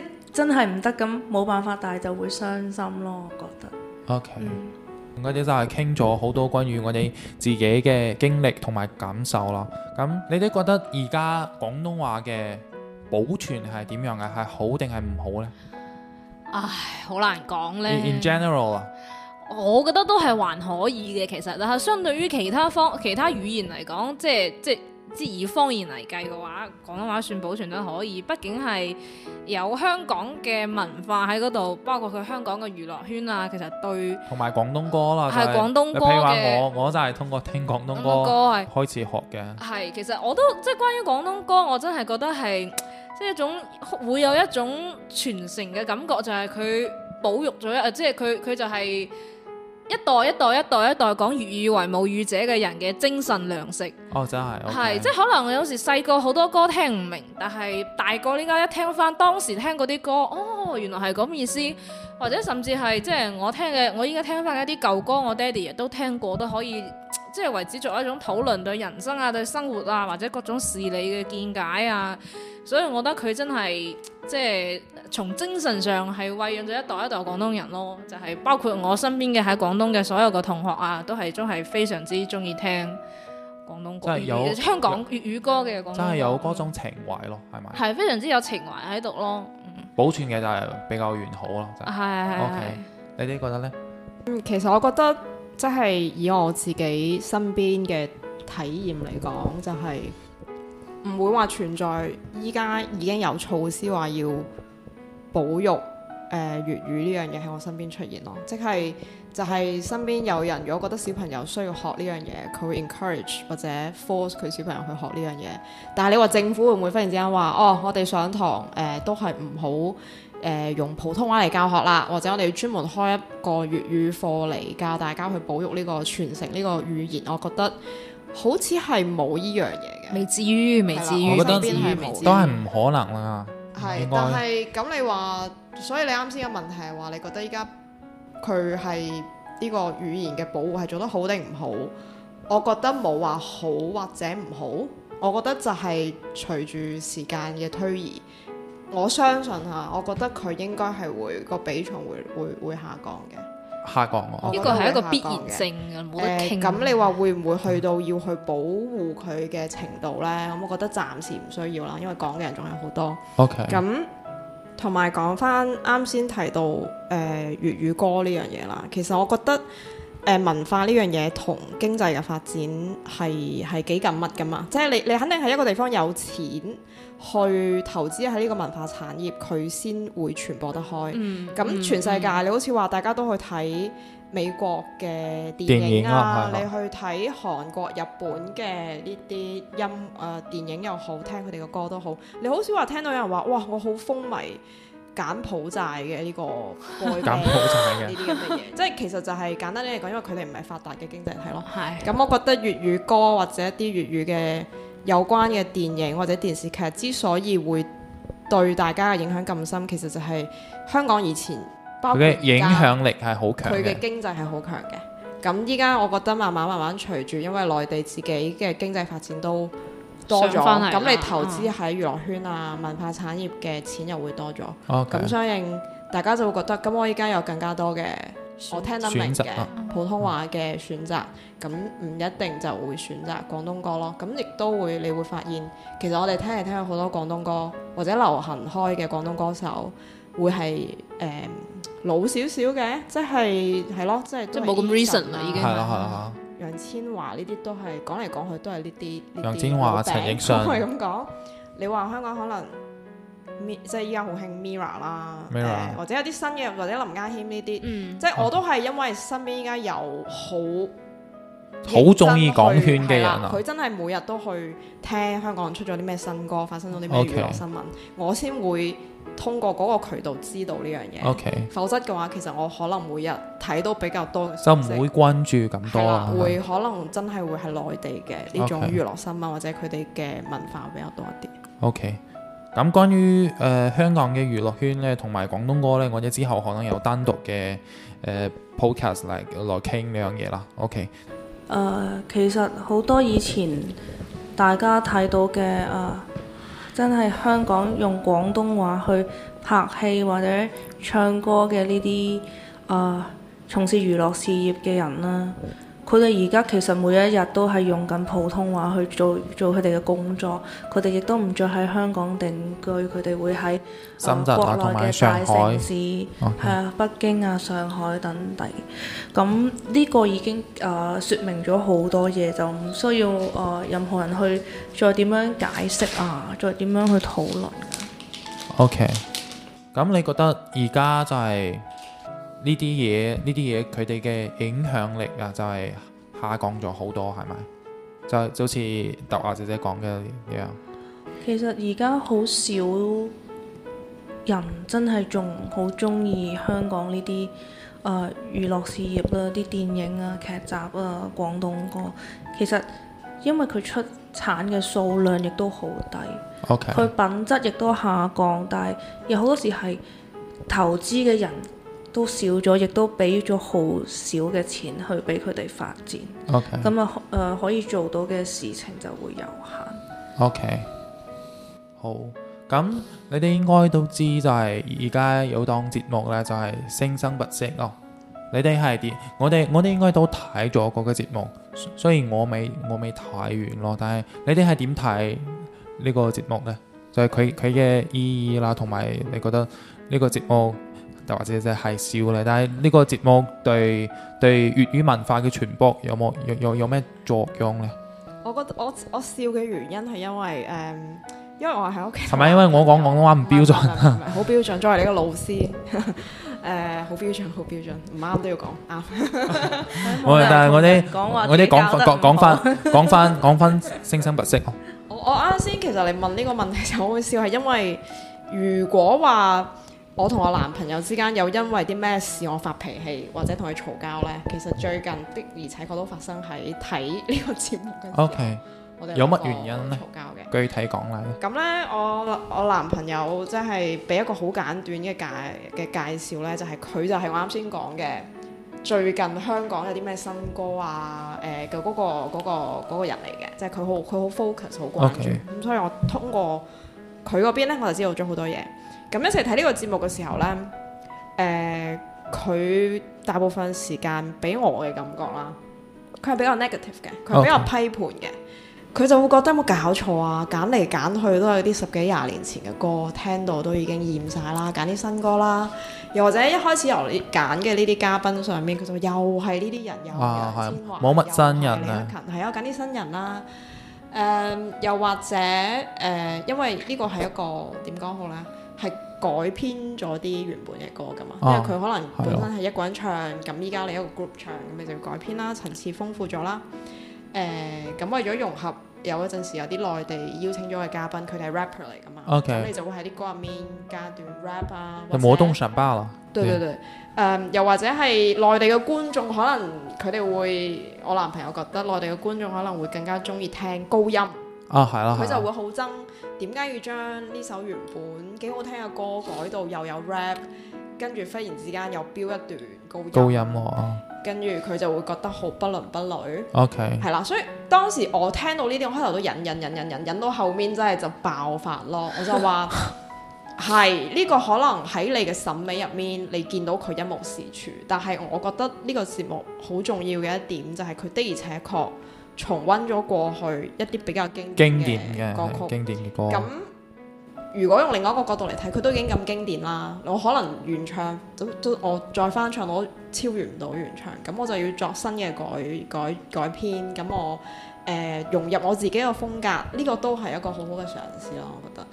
即真係唔得咁，冇辦法，但係就會傷心咯。我覺得。O K。嗯，咁我哋就係傾咗好多關於我哋自己嘅經歷同埋感受啦。咁你哋覺得而家廣東話嘅保存係點樣嘅？係好定係唔好呢？唉，好難講呢。In general 啊，我覺得都係還可以嘅。其實，但係，相對於其他方其他語言嚟講，即係即。即以方言嚟計嘅話，廣東話算保存得可以。畢竟係有香港嘅文化喺嗰度，包括佢香港嘅娛樂圈啊。其實對同埋廣東歌啦，係、就是、廣東歌嘅。譬如話我，我就係通過聽廣東歌開始學嘅。係，其實我都即係關於廣東歌，我真係覺得係即係一種會有一種傳承嘅感覺，就係、是、佢保育咗一，即係佢佢就係、是。一代一代一代一代講粵語為母語者嘅人嘅精神糧食。哦，oh，真係？okay. 係即係可能我有時細個好多歌聽唔明，但係大個依家一聽翻當時聽嗰啲歌，哦，原來係咁意思，或者甚至係即係我聽嘅，我依家聽翻一啲舊歌，我爹哋亦都聽過都可以。即係為止做一種討論對人生啊對生活啊或者各種事理嘅見解啊，所以我覺得佢真係即係從精神上係喂養咗一代一代廣東人咯，就係、是、包括我身邊嘅喺廣東嘅所有個同學啊，都係都係非常之中意聽廣東歌嘅香港粵語歌嘅廣東歌真係有嗰種情懷咯，係咪？係非常之有情懷喺度咯，保存嘅就係比較完好咯，就係、是。係係係你哋覺得呢？嗯，其實我覺得。即係以我自己身邊嘅體驗嚟講，就係、是、唔會話存在依家已經有措施話要保育誒、呃、粵語呢樣嘢喺我身邊出現咯。即係就係、是、身邊有人如果覺得小朋友需要學呢樣嘢，佢會 encourage 或者 force 佢小朋友去學呢樣嘢。但係你話政府會唔會忽然之間話哦，我哋上堂誒、呃、都係唔好，誒、呃、用普通話嚟教學啦，或者我哋要專門開一個粵語課嚟教大家去保育呢個傳承呢個語言，我覺得好似係冇依樣嘢嘅。未至於，未至於，我覺得都係唔可能啦。係對，但係咁你話，所以你啱先嘅問題係話，你覺得依家佢係呢個語言嘅保護係做得好定唔好？我覺得冇話好或者唔好，我覺得就係隨住時間嘅推移。我相信嚇，我覺得佢應該係會個比重會會會下降嘅，下降。呢個係一個必然性嘅，冇得傾。咁、呃、你話會唔會去到要去保護佢嘅程度呢？咁、嗯、我覺得暫時唔需要啦，因為講嘅人仲有好多。OK。咁同埋講翻啱先提到誒、呃、粵語歌呢樣嘢啦，其實我覺得。誒文化呢樣嘢同經濟嘅發展係係幾緊密㗎嘛？即係你你肯定係一個地方有錢去投資喺呢個文化產業，佢先會傳播得開。咁、嗯、全世界、嗯嗯、你好似話大家都去睇美國嘅電影啊，影啊啊你去睇韓國、日本嘅呢啲音誒、呃、電影又好，聽佢哋嘅歌都好。你好少話聽到有人話哇，我好風靡。」柬埔寨嘅呢、這個概念，呢啲咁嘅嘢， 即係其實就係簡單啲嚟講，因為佢哋唔係發達嘅經濟體咯。係。咁我覺得粵語歌或者一啲粵語嘅有關嘅電影或者電視劇之所以會對大家嘅影響咁深，其實就係香港以前，包括佢嘅影響力係好強，佢嘅經濟係好強嘅。咁依家我覺得慢慢慢慢隨住，因為內地自己嘅經濟發展都多咗，咁你投資喺娛樂圈啊、嗯、文化產業嘅錢又會多咗，咁 Okay. 相應大家就會覺得，咁我依家有更加多嘅，選我聽得明嘅普通話嘅選擇，咁唔、啊、一定就會選擇廣東歌咯，咁亦都會，你會發現其實我哋聽嚟聽去好多廣東歌或者流行開嘅廣東歌手，會係誒、呃、老少少嘅，即係係咯，即係即係冇咁 reason 啦，已經。楊千嬅呢啲都係，講嚟講去都係呢啲呢啲。楊千嬅、陳奕迅都係咁講。你話香港可能，即係依家好興 MIRROR 啦，或者有啲新嘅，或者林家謙呢啲，嗯、即係我都係因為身邊依家有好好中意港圈嘅人，佢真係每日都去聽香港人出咗啲咩新歌，發生咗啲咩娛樂新聞，我先會。通過嗰個渠道知道呢樣嘢，Okay. 否則嘅話，其實我可能每日睇到比較多嘅時候，就唔會關注咁多啦。的的會可能真係會係內地嘅呢 Okay. 種娛樂新聞或者佢哋嘅文化比較多一啲。OK，咁關於誒、呃、香港嘅娛樂圈咧，同埋廣東歌咧，我哋之後可能有單獨嘅誒、呃、podcast 嚟嚟傾呢樣嘢啦。OK，誒、呃、其實好多以前大家睇到嘅啊。呃真係香港用廣東話去拍戲或者唱歌嘅呢啲啊，從事娛樂事業嘅人啦、啊。佢哋而家其實每一日都係用緊普通話去做做佢哋嘅工作，佢哋亦都唔再喺香港定居，佢哋會喺啊、呃、國內嘅大城市，係、okay. 啊北京啊、上海等地。咁呢個已經誒説、呃、明咗好多嘢，就唔需要誒、呃、任何人去再點樣解釋啊，再點樣去討論、啊。OK，咁你覺得而家就係、是？呢啲嘢，呢啲嘢佢哋嘅影響力啊，就係下降咗好多，係咪？就就好似德華姐姐講嘅一樣。其實而家好少人真係仲好中意香港呢啲誒娛樂事業啦，啲電影啊、劇集啊、廣東歌。其實因為佢出產嘅數量亦都好低，佢 Okay. 品質亦都下降，但係有好多時係投資嘅人。都少咗，亦都俾咗好少嘅錢去俾佢哋發展。咁啊 Okay.，誒、呃、可以做到嘅事情就會有限。OK，好。咁、嗯、你哋應該都知就，就係而家有檔節目咧，就係《聲生不息》哦。你哋係點？我哋我哋應該都睇咗嗰個節目，雖然我未我未睇完咯，但係你哋係點睇呢個節目呢？就係佢佢嘅意義啦，同埋你覺得呢個節目，又或者就係笑咧，但係呢個節目對對粵語文化嘅傳播有冇有有有咩作用咧？我覺得我我笑嘅原因係因為誒，因為我係喺屋企。係咪因為我講廣東話唔標準？好標準，作為你個老師，誒好標準，好標準，唔啱都要講啱。我哋講話比較得。講翻講翻講翻，生生不息。我我啱先其實你問呢個問題時候，我會笑係因為如果話。我同我男朋友之間有因為啲咩事我發脾氣或者同佢嘈交呢？其實最近的而且確都發生喺睇呢個節目嘅時候。O K，有乜原因呢？嘈交嘅具體講啦。咁呢，我我男朋友即係俾一個好簡短嘅介嘅介紹呢，就係、是、佢就係我啱先講嘅最近香港有啲咩新歌啊？誒嘅嗰個嗰、嗰個嗰、嗰個人嚟嘅，即係佢好佢好 focus 好關注。咁 Okay.、嗯、所以我通過佢嗰邊呢，我就知道咗好多嘢。咁一齊睇呢個節目嘅時候咧，誒、呃、佢大部分時間俾我嘅感覺啦，佢係比較 negative 嘅，佢係比較批判嘅。佢 Okay. 就會覺得有冇搞錯啊？揀嚟揀去都係啲十幾廿年前嘅歌，聽到都已經厭晒啦。揀啲新歌啦，又或者一開始由你揀嘅呢啲嘉賓上面，佢就又係呢啲人，又係冇乜新人啊。係啊，揀啲新人啦。誒、呃，又或者誒、呃，因為呢個係一個點講好咧？改編咗啲原本嘅歌噶嘛，啊、因為佢可能本身係一個人唱，咁依家另一個 group 唱，咁你就要改編啦，層次豐富咗啦。誒、呃，咁為咗融合，有一陣時有啲內地邀請咗嘅嘉賓，佢哋係 rapper 嚟噶嘛，咁 Okay. 你就會喺啲歌入面加段 rap 啊。魔動神巴啦。者對對對，誒、嗯，又或者係內地嘅觀眾，可能佢哋會，我男朋友覺得內地嘅觀眾可能會更加中意聽高音。啊，係啦，佢就會好憎。點解要將呢首原本幾好聽嘅歌改到又有 rap，跟住忽然之間又飆一段高音，高音，跟住佢就會覺得好不倫不類。OK，係啦，所以當時我聽到呢啲，我開頭都忍忍忍忍忍，忍到後面真係就爆發咯。我就話係呢個可能喺你嘅審美入面，你見到佢一無是處，但係我覺得呢個節目好重要嘅一點就係佢的而且確。重温咗過去一啲比較經經典嘅歌曲，經典嘅那歌。咁如果用另一個角度嚟睇，佢都已經咁經典啦。我可能原唱都都，我再翻唱我都超越唔到原唱，咁我就要作新嘅改改改編。咁我誒、呃、融入我自己嘅風格，呢、這個都係一個好好嘅嘗試咯，我覺得。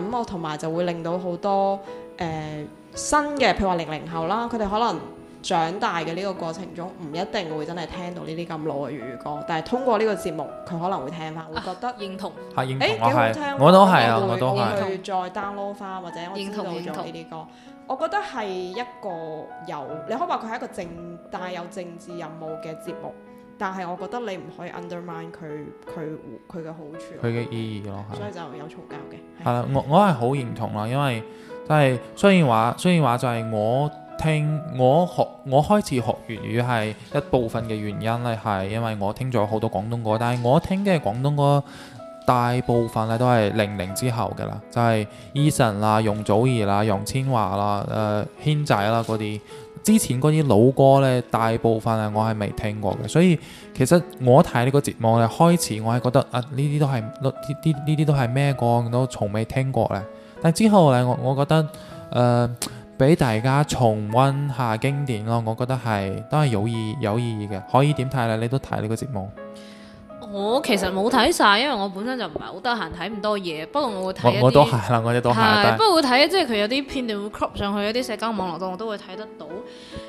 咁我同埋就會令到好多誒、呃、新嘅，譬如話零零後啦，佢哋可能。長大嘅呢個過程中，唔一定會真係聽到呢啲咁老嘅粵語歌，但係通過呢個節目，佢可能會聽翻，會覺得認同。係認同。我都係，我都係。我會去再 download 翻，或者我知道咗呢啲歌。我覺得係一個有，你可以話佢係一個正帶有政治任務嘅節目，但係我覺得你唔可以 undermine 佢佢佢嘅好處，佢嘅意義咯。所以就有嘈交嘅。係啦，我我係好認同啦，因為即係雖然話雖然話就係我。聽我學我開始學粵語係一部分嘅原因咧，係因為我聽咗好多廣東歌，但係我聽嘅廣東歌大部分咧都係零零之後嘅啦，就係、是、Eason 啦、啊、容祖兒啦、啊、楊千嬅啦、啊、誒、呃、軒仔啦嗰啲。之前嗰啲老歌咧，大部分啊我係未聽過嘅，所以其實我睇呢個節目咧，開始我係覺得啊呢啲都係呢啲都係咩歌，都從未聽過咧。但之後咧，我我覺得誒。呃俾大家重溫下經典咯、啊，我覺得係都係有意有意義嘅。可以點睇咧？你都睇呢個節目？我其實冇睇晒，因為我本身就唔係好得閒睇咁多嘢。不過我會睇一啲，我都係啦，我亦都係。是是不過會睇，即係佢有啲片段會 crop 上去有啲社交網絡度，我都會睇得到。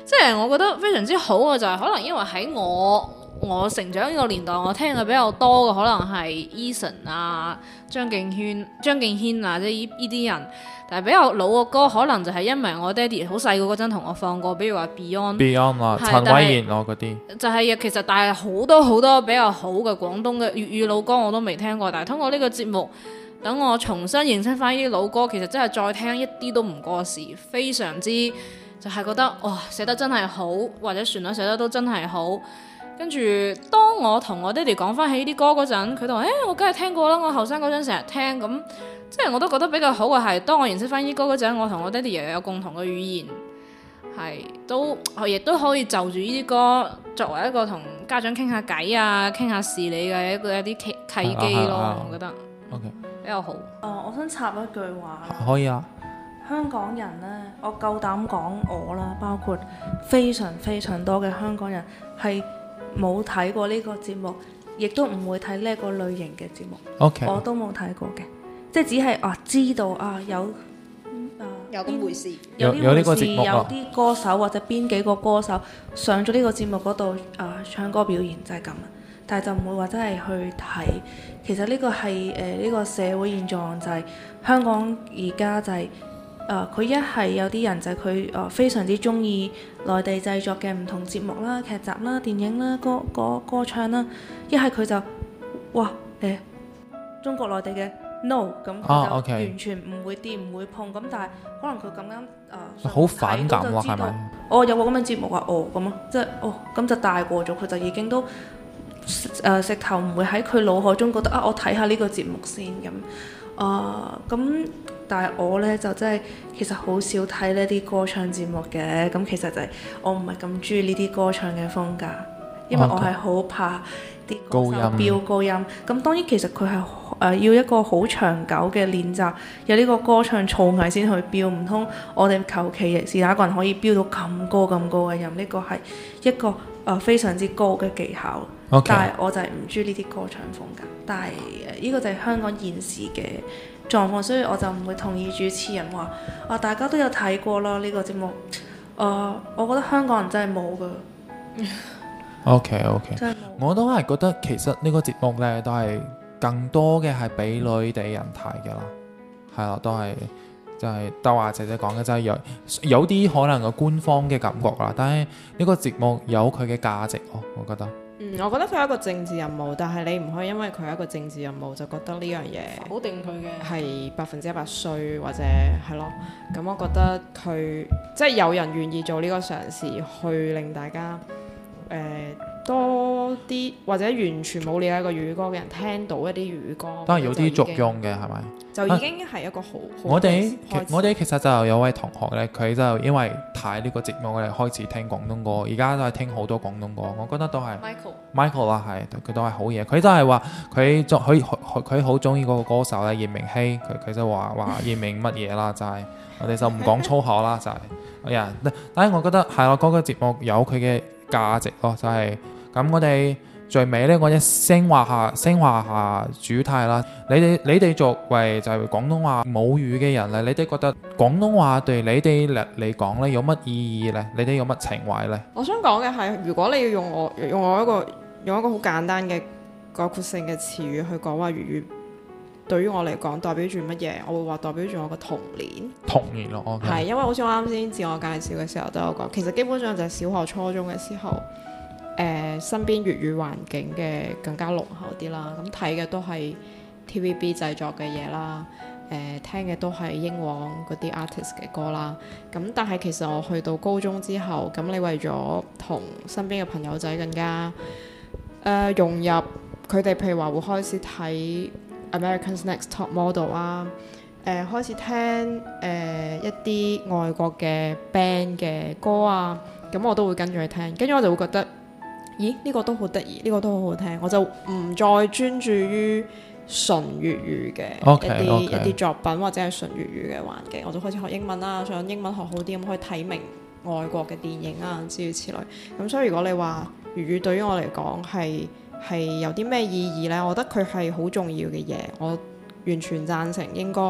即、就、係、是、我覺得非常之好嘅就係、是、可能因為喺我。我成長呢個年代，我聽嘅比較多嘅可能係 Eason 啊、張敬軒、張敬軒啊，即係依依啲人。但係比較老嘅歌，可能就係因為我爹哋好細個嗰陣同我放過，比如話 Beyond、Beyond 啊、是陳慧嫻我嗰啲。就係啊，其實但係好多好多比較好嘅廣東嘅粵語老歌我都未聽過，但係通過呢個節目，等我重新認識翻呢啲老歌，其實真係再聽一啲都唔過時，非常之就係、是、覺得哇、哦，寫得真係好，或者旋律寫得都真係好。跟住，當我同我爹哋講翻起呢啲歌嗰陣，佢都話，誒、欸，我梗係聽過啦，我後生嗰陣成日聽，咁即係我都覺得比較好嘅係，當我認識翻呢啲歌嗰陣，我同我爹哋又有共同嘅語言，係都亦都可以就住呢啲歌作為一個同家長傾下偈啊，傾下事理嘅一個一啲契契機咯，啊啊啊、我覺得，OK，比較好、呃。我想插一句話。可以啊。香港人呢，我夠膽講我啦，包括非常非常非常多嘅香港人係。冇睇過呢個節目，亦都唔會睇呢個類型嘅節目。Okay. 我都冇睇過嘅，即係只係啊知道啊有啊有啲這有回事，有啲回事有啲歌手或者邊幾個歌手上咗呢個節目嗰度，啊唱歌表演就係、是、咁。但係就唔會話真係去睇。其實呢個係誒呢個社會現狀就係、是、香港而家就係、是。誒佢一係有啲人就係佢誒非常之中意內地製作嘅唔同節目啦、劇集啦、電影啦、歌、歌、歌唱啦，一係佢就哇誒、欸、中國內地嘅 no 咁，完全唔會掂唔會碰咁，但係可能佢咁樣誒，好、呃、反感喎、啊、係嘛？哦有個咁樣節目話哦咁啊，哦、即係哦咁就大過咗，佢就已經都誒、呃、石頭唔會喺佢腦海中覺得啊，我睇下呢個節目先咁啊咁。但係我咧就真係其實好少睇呢啲歌唱節目嘅，咁其實就係、是、我唔係咁中意呢啲歌唱嘅風格，因為我係好怕啲高音飆高音。咁當然其實佢係誒要一個好長久嘅練習，有呢個歌唱造詣先去飆，唔通我哋求其亦是但一個人可以飆到咁高咁高嘅音？呢個係一個誒、呃、非常之高嘅技巧。Okay. 但係我就係唔中意呢啲歌唱風格。但係，呢、這個就係香港現時嘅狀況，所以我就唔會同意主持人話，啊、哦，大家都有睇過啦，呢、這個節目。啊、呃，我覺得香港人真係冇噶。 OK OK，真係冇。我都係覺得其實呢個節目呢都係更多嘅係俾內地人睇嘅啦。係啦，都係，就係德華姐姐講嘅，真係、就是、有有啲可能個官方嘅感覺啦。但係呢個節目有佢嘅價值，哦，我覺得。嗯，我覺得佢有一個政治任務，但係你唔可以因為佢係一個政治任務，就覺得呢樣嘢否定佢嘅係百分之一百衰或者係咯。咁我覺得佢即係有人願意做呢個嘗試，去令大家誒，呃多啲或者完全冇了解過粵語歌嘅人聽到一啲粵語歌，都係有啲作用嘅，係咪？就已經係一個好好。我哋我哋其實就有位同學咧，佢就因為睇呢個節目哋開始聽廣東歌，而家都係聽好多廣東歌。我覺得都係 Michael，Michael 啦，係佢 Michael.、啊、都係好嘢。佢都係話佢仲佢佢好中意嗰個歌手咧，葉 明熙。佢佢就話話葉明乜嘢啦，就係、是、我哋就唔講粗口啦， 就係、是、呀，但係我覺得係咯，嗰、那個節目有佢嘅價值咯，就係、是。咁我哋最尾呢，我一升華下、升華下主題啦。你哋、你哋作為就係廣東話母語嘅人啦，你哋覺得廣東話對你哋嚟嚟講呢，有乜意義呢？你哋有乜情懷呢？我想講嘅係，如果你要用我用我一個用一個好簡單嘅概括性嘅詞語去講話粵語，對於我嚟講代表住乜嘢？我會話代表住我嘅童年。童年咯，我、okay. 係因為好似我啱先自我介紹嘅時候都有講，其實基本上就係小學、初中嘅時候。誒、呃、身邊粵語環境嘅更加濃厚啲啦，咁睇嘅都係 TVB 製作嘅嘢啦，誒、嗯、聽嘅都係英皇嗰啲 artist 嘅歌啦。咁、嗯、但係其實我去到高中之後，咁、嗯、你為咗同身邊嘅朋友仔更加、呃、融入佢哋，譬如話會開始睇 America's Next Top Model 啊，誒、呃、開始聽誒、呃、一啲外國嘅 band 嘅歌啊，咁、嗯、我都會跟住去聽，跟住我就會覺得。咦？呢、這個都好得意，呢、這個都好好聽。我就唔再專注於純粵語嘅一啲一啲作品或者係純粵語嘅環境，我就開始學英文啦。想英文學好啲，咁可以睇明外國嘅電影啊之類之類。咁所以如果你話粵語對於我嚟講係係有啲咩意義呢？我覺得佢係好重要嘅嘢，我完全贊成應該、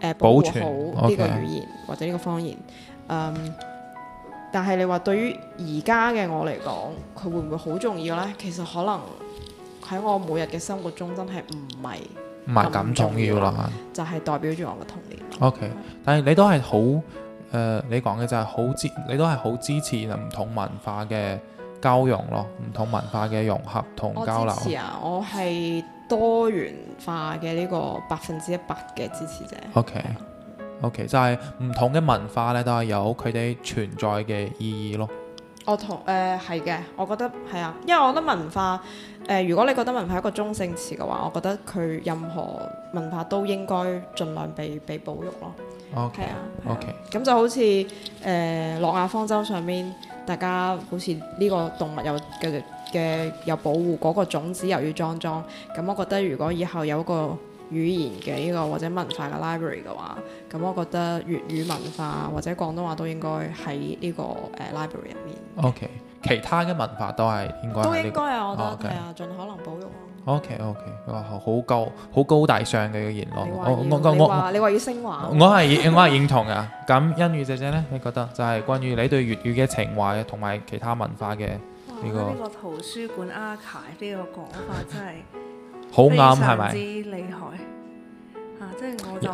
呃、保護好呢個語言、okay. 或者呢個方言。嗯但係你話對於而家嘅我嚟講，佢會唔會好重要呢？其實可能喺我每日嘅生活中，真係唔係唔係咁重要啦。要嗯、就係代表住我嘅童年。OK，但係你都係好誒，你講嘅就係好支，你都係好支持唔同文化嘅交融咯，唔同文化嘅融合同交流啊。我係多元化嘅呢個百分之一百嘅支持者。OK。Okay. O.K. 就係唔同嘅文化咧，都係有佢哋存在嘅意義咯。我同誒係嘅，我覺得係啊，因為我覺得文化誒、呃，如果你覺得文化係一個中性詞嘅話，我覺得佢任何文化都應該盡量被被保育咯。O.K. 啊，O.K. 咁就好似誒《諾、呃、亞方舟》上面，大家好似呢個動物有嘅嘅有保護嗰個種子又要裝裝，咁我覺得如果以後有個語言嘅呢個或者文化嘅 library 嘅話，咁我覺得粵語文化或者廣東話都應該喺呢個誒 library 入面。O K，其他嘅文化都係應該都應該啊，我覺得係啊，盡可能保育咯。O K O K，好高好高大上嘅嘅言論。你話你話要昇華。我係我係認同啊！咁欣宇姐姐咧，你覺得就係關於你對粵語嘅情懷，同埋其他文化嘅呢個？呢個圖書館阿 r 呢個講法真係～好啱係咪？至厲害、啊！即係我就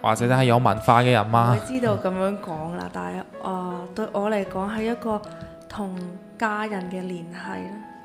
或者係有文化嘅人嘛。你知道咁樣講啦，嗯、但係啊、呃，對我嚟講係一個同家人嘅聯繫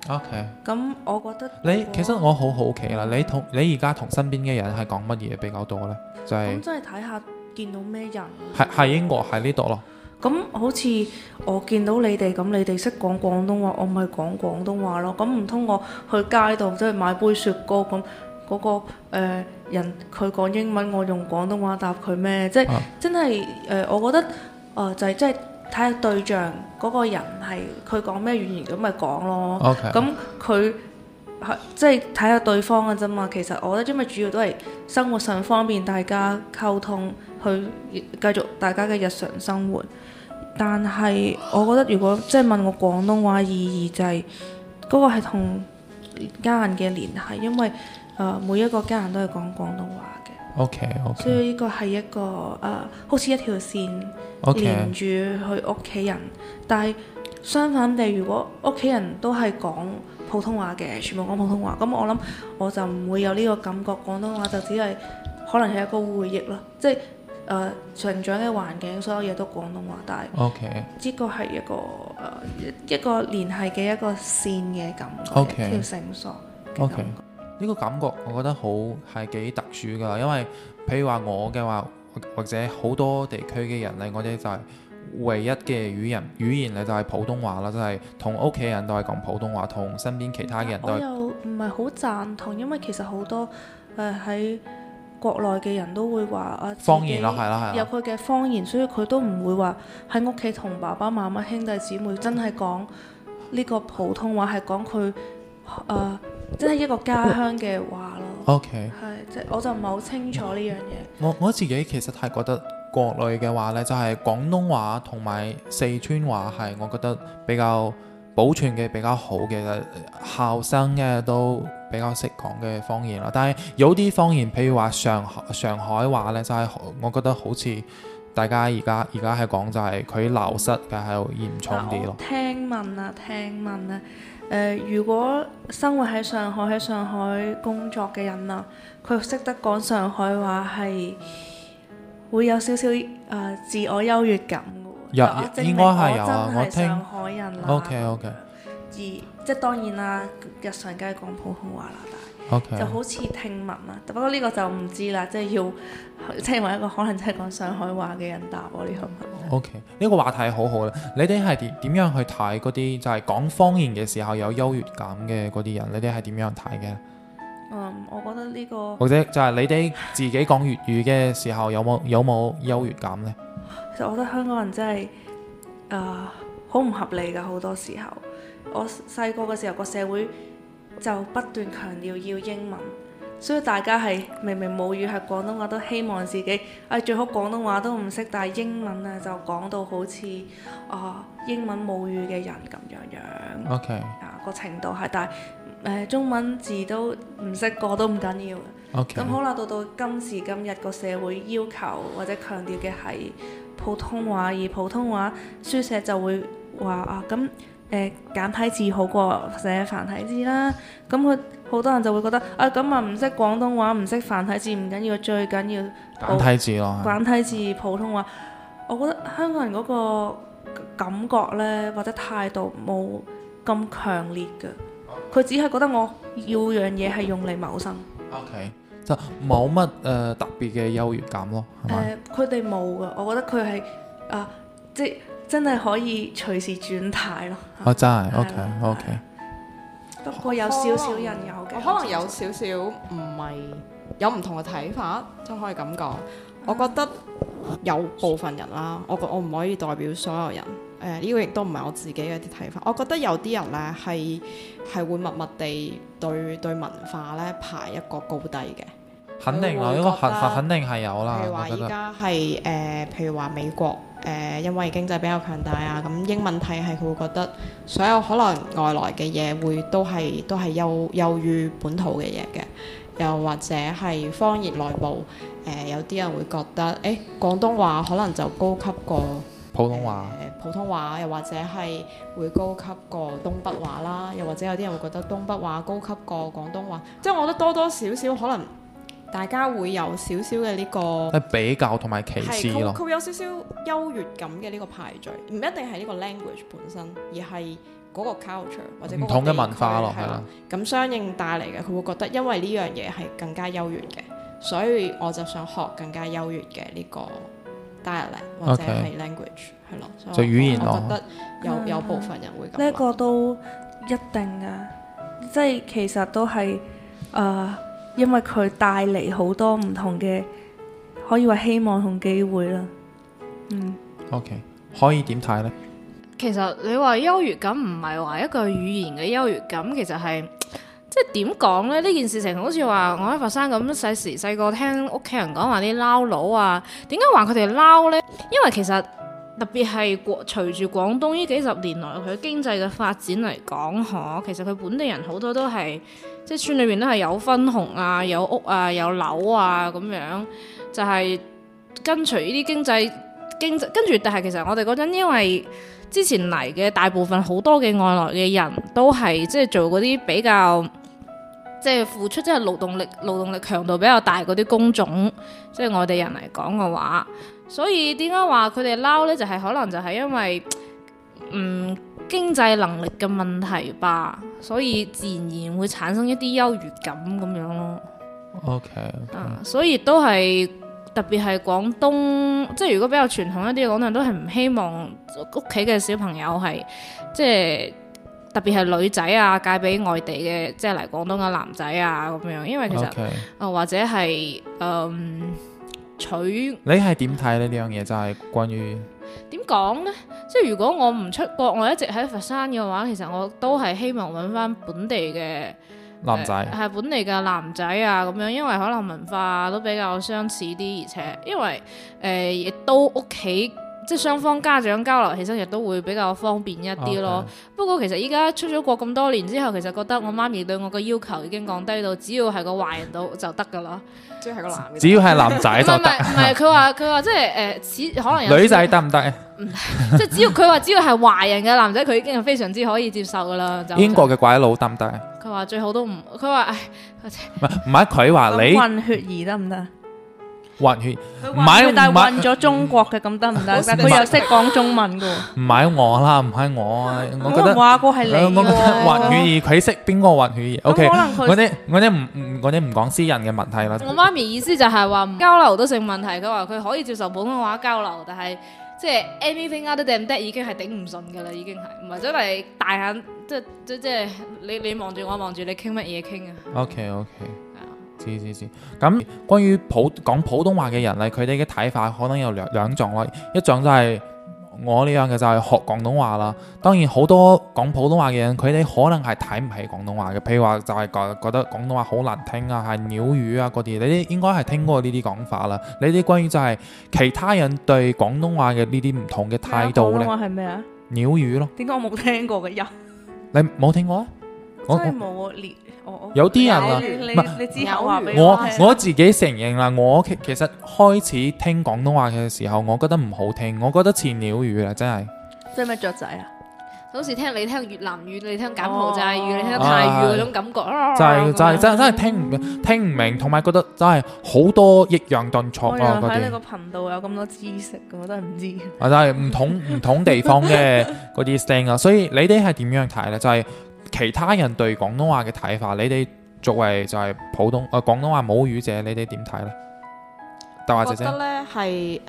啦。OK。咁我覺得你其實我好好奇啦、嗯，你同你而家同身邊嘅人係講乜嘢比較多呢？就係、是、咁，真係睇下見到咩人、啊。係係英國喺呢度咯。咁好似我見到你哋咁，你哋識講廣東話，我咪講廣東話咯。咁唔通我去街度即係買杯雪糕咁，嗰、那個、呃、人佢講英文，我用廣東話答佢咩？即係、啊、真係誒、呃，我覺得誒、呃、就係即係睇下對象嗰、那個人係佢講咩語言咁咪、就是、講咯。咁佢 okay. 即係睇下對方嘅啫嘛。其實我覺得因為主要都係生活上方便大家溝通，去繼續大家嘅日常生活。但係，我覺得如果即係問我廣東話意義、就係，就係嗰個係同家人嘅聯繫，因為誒、呃、每一個家人都係講廣東話嘅。OK OK。所以呢個係一個誒、呃，好似一條線連住佢屋企人。Okay。但係相反地，如果屋企人都係講普通話嘅，全部講普通話，咁、嗯、我諗我就唔會有呢個感覺。廣東話就只係可能係一個回憶咯，即係。誒、呃、成長嘅環境，所有嘢都廣東話，但係呢個係一個誒、呃、一個連係嘅一個線嘅感覺，條繩索嘅感覺。呢、okay. okay. 個感覺我覺得好係幾特殊㗎，因為譬如話我嘅話，或者好多地區嘅人咧，我哋就係唯一嘅語人。語言咧就係普通話啦，就係同屋企人都係講普通話，同身邊其他嘅人都係。我又唔係好贊同，因為其實好多誒喺，呃國內嘅人都會話啊，自己有佢嘅方言，係啦、係啦、所以佢都唔會話喺屋企同爸爸媽媽兄弟姊妹真係講呢個普通話，係講佢誒，真係一個家鄉嘅話咯。OK，係即係我就唔係好清楚呢樣嘢。我我自己其實係覺得國內嘅話呢，就係、是、廣東話同埋四川話係我覺得比較保存嘅比較好嘅，後生嘅都。比較識講嘅方言咯，但係有啲方言，譬如話上海上海話呢，就係、是、我覺得好似大家而家而家係講就係佢流失嘅係嚴重啲咯。聽聞啊，聽聞啊，如果生活喺上海喺上海工作嘅人啊，佢識得講上海話係會有少少誒、呃、自我優越感嘅喎。有應該係有啊，我聽。上海人啦 OK OK。而即當然啦，日常梗係講普通話啦，但 Okay. 就好似聽聞啦。不過呢個就唔知啦，即係要即係問一個可能真係講上海話嘅人答我、啊、呢、呢個問題。OK，呢個話題好好啦。你哋係點點樣去睇嗰啲就係、是、講方言嘅時候有優越感嘅嗰啲人？你哋係點樣睇嘅？嗯，um, 我覺得呢、呢個或者就係你哋自己講粵語嘅時候有冇有冇優越感呢？其實我覺得香港人真係啊，好、呃、唔合理噶，好多時候。我細個嘅時候，個社會就不斷強調要英文，所以大家係明明母語係廣東話，都希望自己啊、哎、最好廣東話都唔識，但係英文啊就講到好似啊英文母語嘅人咁樣樣。O Okay . K、啊。啊個程度係，但係、呃、中文字都唔識過都唔緊要嘅。咁好啦，到到今時今日個社會要求或者強調嘅係普通話，而普通話書寫就會話啊咁。誒、呃、簡體字好過寫繁體字啦，咁佢好多人就會覺得啊，咁啊，唔識廣東話、唔識繁體字唔緊要，最緊要簡體字咯。簡體字普通話，我覺得香港人嗰個感覺呢，或者態度冇咁強烈嘅，佢 Okay. 只係覺得我要樣嘢係用嚟謀生。O、okay. K，就冇乜誒特別嘅優越感咯。佢哋冇噶，我覺得佢係、啊、即係。真係可以隨時轉態咯！我、oh, 真係，OK，OK。Okay, 嗯、okay. 不過我有少少人有嘅，哦、我可能有少少唔係有唔同嘅睇法，都可以咁講。嗯、我覺得有部分人啦，我覺我唔可以代表所有人。誒、呃、呢、呢個亦都唔係我自己嘅啲睇法。我覺得有啲人呢，係係會默默地對對文化呢排一個高低嘅。肯定啦，因為肯定係有啦、呃。譬如話，而家係誒，譬如話美國。誒，因為經濟比較強大啊，咁英文體系佢會覺得所有可能外來嘅嘢會都係都係優優於本土嘅嘢嘅，又或者係方言內部誒、呃，有啲人會覺得誒、欸、廣東話可能就高級過普通話，誒、呃、普通話又或者係會高級過東北話啦，又或者有啲人會覺得東北話高級過廣東話，即係我覺得多多少少可能。大家會有少少嘅呢個，比較同埋歧視佢會有少少優越感嘅呢個排序，唔一定係呢個 language 本身，而係嗰個 culture 或者唔同嘅文化咯。係啦，咁相應帶嚟嘅，佢會覺得因為呢樣嘢係更加優越嘅，所以我就想學更加優越嘅呢個 dialect 或者係 language 係咯 Okay.。所以就語言咯。我覺得有有部分人會咁。呢個都一定嘅，即係其實都係啊。呃因為佢帶嚟好多唔同嘅，可以話希望同機會啦。嗯。Okay，可以點睇呢？其實你話優越感唔係話一個語言嘅優越感，其實係即係點講呢？呢件事情好似話我喺佛山咁，細時細個聽屋企人講話啲撈佬啊，點解話佢哋撈呢？因為其實特別係隨住廣東呢幾十年來佢經濟嘅發展嚟講，嗬，其實佢本地人好多都係。即係村裏面都係有分紅啊，有屋啊，有樓啊咁樣，就係、是、跟隨呢啲經濟經濟，跟住但係其實我哋嗰陣因為之前嚟嘅大部分好多嘅外來嘅人都係即係做嗰啲比較即係、就是、付出即係勞動力勞動力強度比較大嗰啲工種，即係外地人嚟講嘅話，所以點解話佢哋撈呢？就係、是、可能就係因為，嗯。經濟能力嘅問題吧，所以自然會產生一啲優越感咁樣咯。OK, okay. 啊，所以都係特別係廣東，即係如果比較傳統一啲嘅廣東人都係唔希望屋企嘅小朋友係即係特別係女仔啊，嫁俾外地嘅即係嚟廣東嘅男仔啊咁樣，因為其實啊 Okay. 呃，或者係嗯娶，你係點睇呢呢樣嘢就係關於？點講呢？即係如果我唔出國，我一直喺佛山嘅話，其實我都係希望搵翻本地嘅男仔生，係、呃、本地嘅男仔啊咁樣，因為可能文化都比較相似啲，而且因為誒、亦、呃、都屋企。即係雙方家長交流起身亦都會比較方便一啲咯。Oh, right. 不過其實依家出咗國咁多年之後，其實覺得我媽咪對我嘅要求已經降低到，只要係個華人到就得噶啦。 只要係個男只要係男仔就得。唔係唔係，佢話佢話即係誒，只可能女仔得唔得啊？即係只要佢話只要係華人嘅男仔，佢已經係非常之可以接受噶啦。就 英國嘅鬼佬得唔得啊？佢話最好都唔，佢話唉，唔係佢話你混血兒得唔得？ 混血，唔係唔係混咗中國嘅咁得唔得？佢又識講中文噶。唔係我啦，唔係我。我唔話過係你。混血，佢識邊個混血？O K，我啲我啲唔唔啲唔講私人嘅問題啦。我媽咪意思就係話交流都成問題，佢話佢可以接受普通話交流，但係即係 everything other than that 已經係頂唔順噶啦，已經係。唔係真係大眼，即即即係你你望住我望住你傾乜嘢傾啊？O K O K。咁關於普講普通話嘅人咧，佢哋嘅睇法可能有兩兩種咯。一種就係、是、我呢樣嘅就係學廣東話啦。當然好多講普通話嘅人，佢哋可能係睇唔起廣東話嘅，譬如話就係覺覺得廣東話好難聽啊，係鳥語啊，嗰啲，你啲應該係聽過呢啲講法啦。你啲關於就係、是、其他人對廣東話嘅呢啲唔同嘅態度咧。廣東話係咩啊？鳥語咯。點解我冇聽過嘅人？你冇聽過啊？ 我。冇有啲人啊，唔，你知口話俾我我自己承認啦，我其其實開始聽廣東話嘅時候，我覺得唔好聽，我覺得似鳥語啊，真係。即係咩雀仔啊？好似聽你聽越南語，你聽柬埔寨語，你聽泰語嗰種感覺，就就真真係聽唔聽唔明，同埋覺得真係好多抑揚頓挫啊！嗰啲。原喺你個頻道有咁多知識，我真係唔知。啊，就係唔同唔同地方嘅嗰啲聲啊，所以你哋係點樣睇咧？就係。其他人對廣東話嘅睇法，你哋作為就係普通誒、呃、廣東話母語者，你哋點睇呢？德華姐姐得咧係誒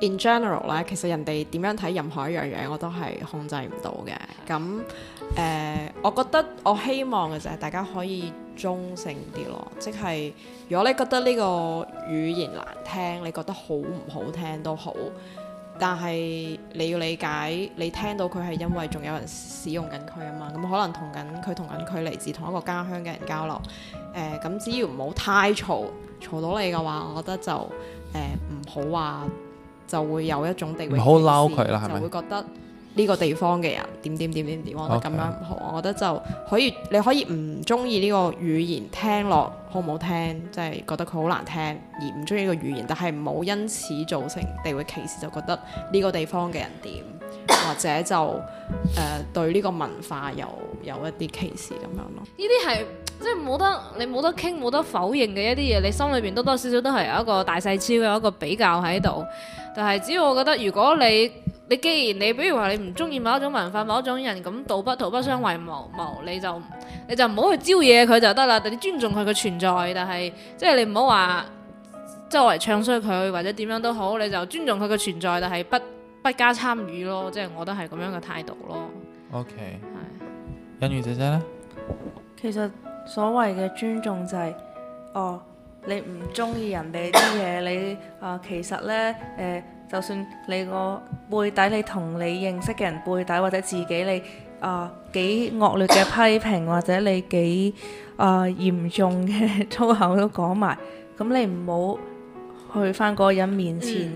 ，in general 咧，其實人哋點樣睇任何一樣嘢，我都係控制唔到嘅。咁誒、呃，我覺得我希望嘅就係大家可以中性啲咯，即係如果你覺得呢個語言難聽，你覺得好唔好聽都好。但係你要理解，你聽到佢係因為仲有人使用緊佢啊嘛，咁可能同緊佢同緊佢嚟自同一個家鄉嘅人交流。誒、呃、咁只要唔好太嘈嘈到你嘅話，我覺得就誒唔好話就會有一種地位，唔好撈佢啦，係咪？就會覺得呢個地方嘅人點點點點點，我覺得咁樣唔好 Okay.。我覺得就可以你可以唔中意呢個語言聽落。好唔好聽，即係覺得佢好難聽，而唔中意呢個語言，但係唔好因此造成地域歧視，就覺得呢個地方嘅人點，或者就誒、呃、對呢個文化又有一啲歧視咁樣咯。呢啲係即係冇得你冇得傾，冇得否認嘅一啲嘢，你心裏邊多多少少都係有一個大細超有一個比較喺度。但係只要我覺得如果你，你既然你比如話你唔中意某一種文化，某一種人咁，道不道不相為謀謀，你就你就唔好去招惹佢就得啦。但你尊重佢嘅存在，但係即係你唔好話周圍唱衰佢或者點樣都好，你就尊重佢嘅存在，但係不不加參與咯。即係我都係咁樣嘅態度咯。OK，係。恩瑜姐姐咧，其實所謂嘅尊重就係，哦，你唔中意人哋啲嘢， 你啊、呃，其實咧，誒、呃。就算你個背底，你同你認識嘅人的背底，或者自己你啊、呃、幾惡劣嘅批評，或者你幾啊、呃、嚴重嘅粗口都講埋，咁你唔好去返嗰個人面前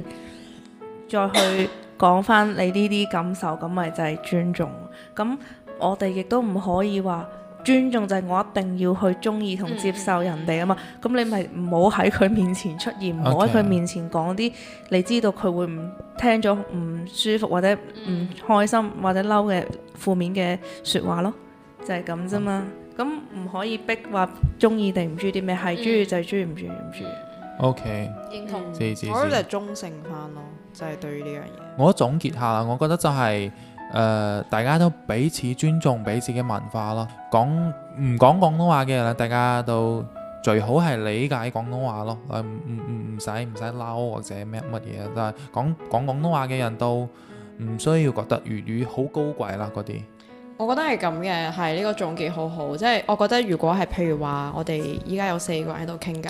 再去講返你呢啲感受，咁咪就係尊重。咁我哋亦都唔可以話。尊重就係我一定要去中意同接受人哋啊嘛，咁、嗯、你咪唔好喺佢面前出現，唔好喺佢面前講啲你知道佢會唔聽咗唔舒服或者唔開心或者嬲嘅負面嘅説話咯，就係咁啫嘛。咁唔、嗯、可以逼話中意定唔中意啲咩，係中意就係中意，唔中意，唔中意 OK，認同，試試試我咧就中性翻咯，就係、是、對於呢樣嘢。我一總結一下我覺得就係、是。誒、呃，大家都彼此尊重彼此嘅文化咯。講唔講廣東話嘅人，大家都最好係理解廣東話咯。誒、啊，唔唔唔使唔使嬲或者咩乜嘢。但係講講廣東話嘅人都唔需要覺得粵語好高貴啦嗰啲。我覺得係咁嘅，係呢個總結好好。即係我覺得，如果係譬如話，我哋依家有四個人喺度傾偈，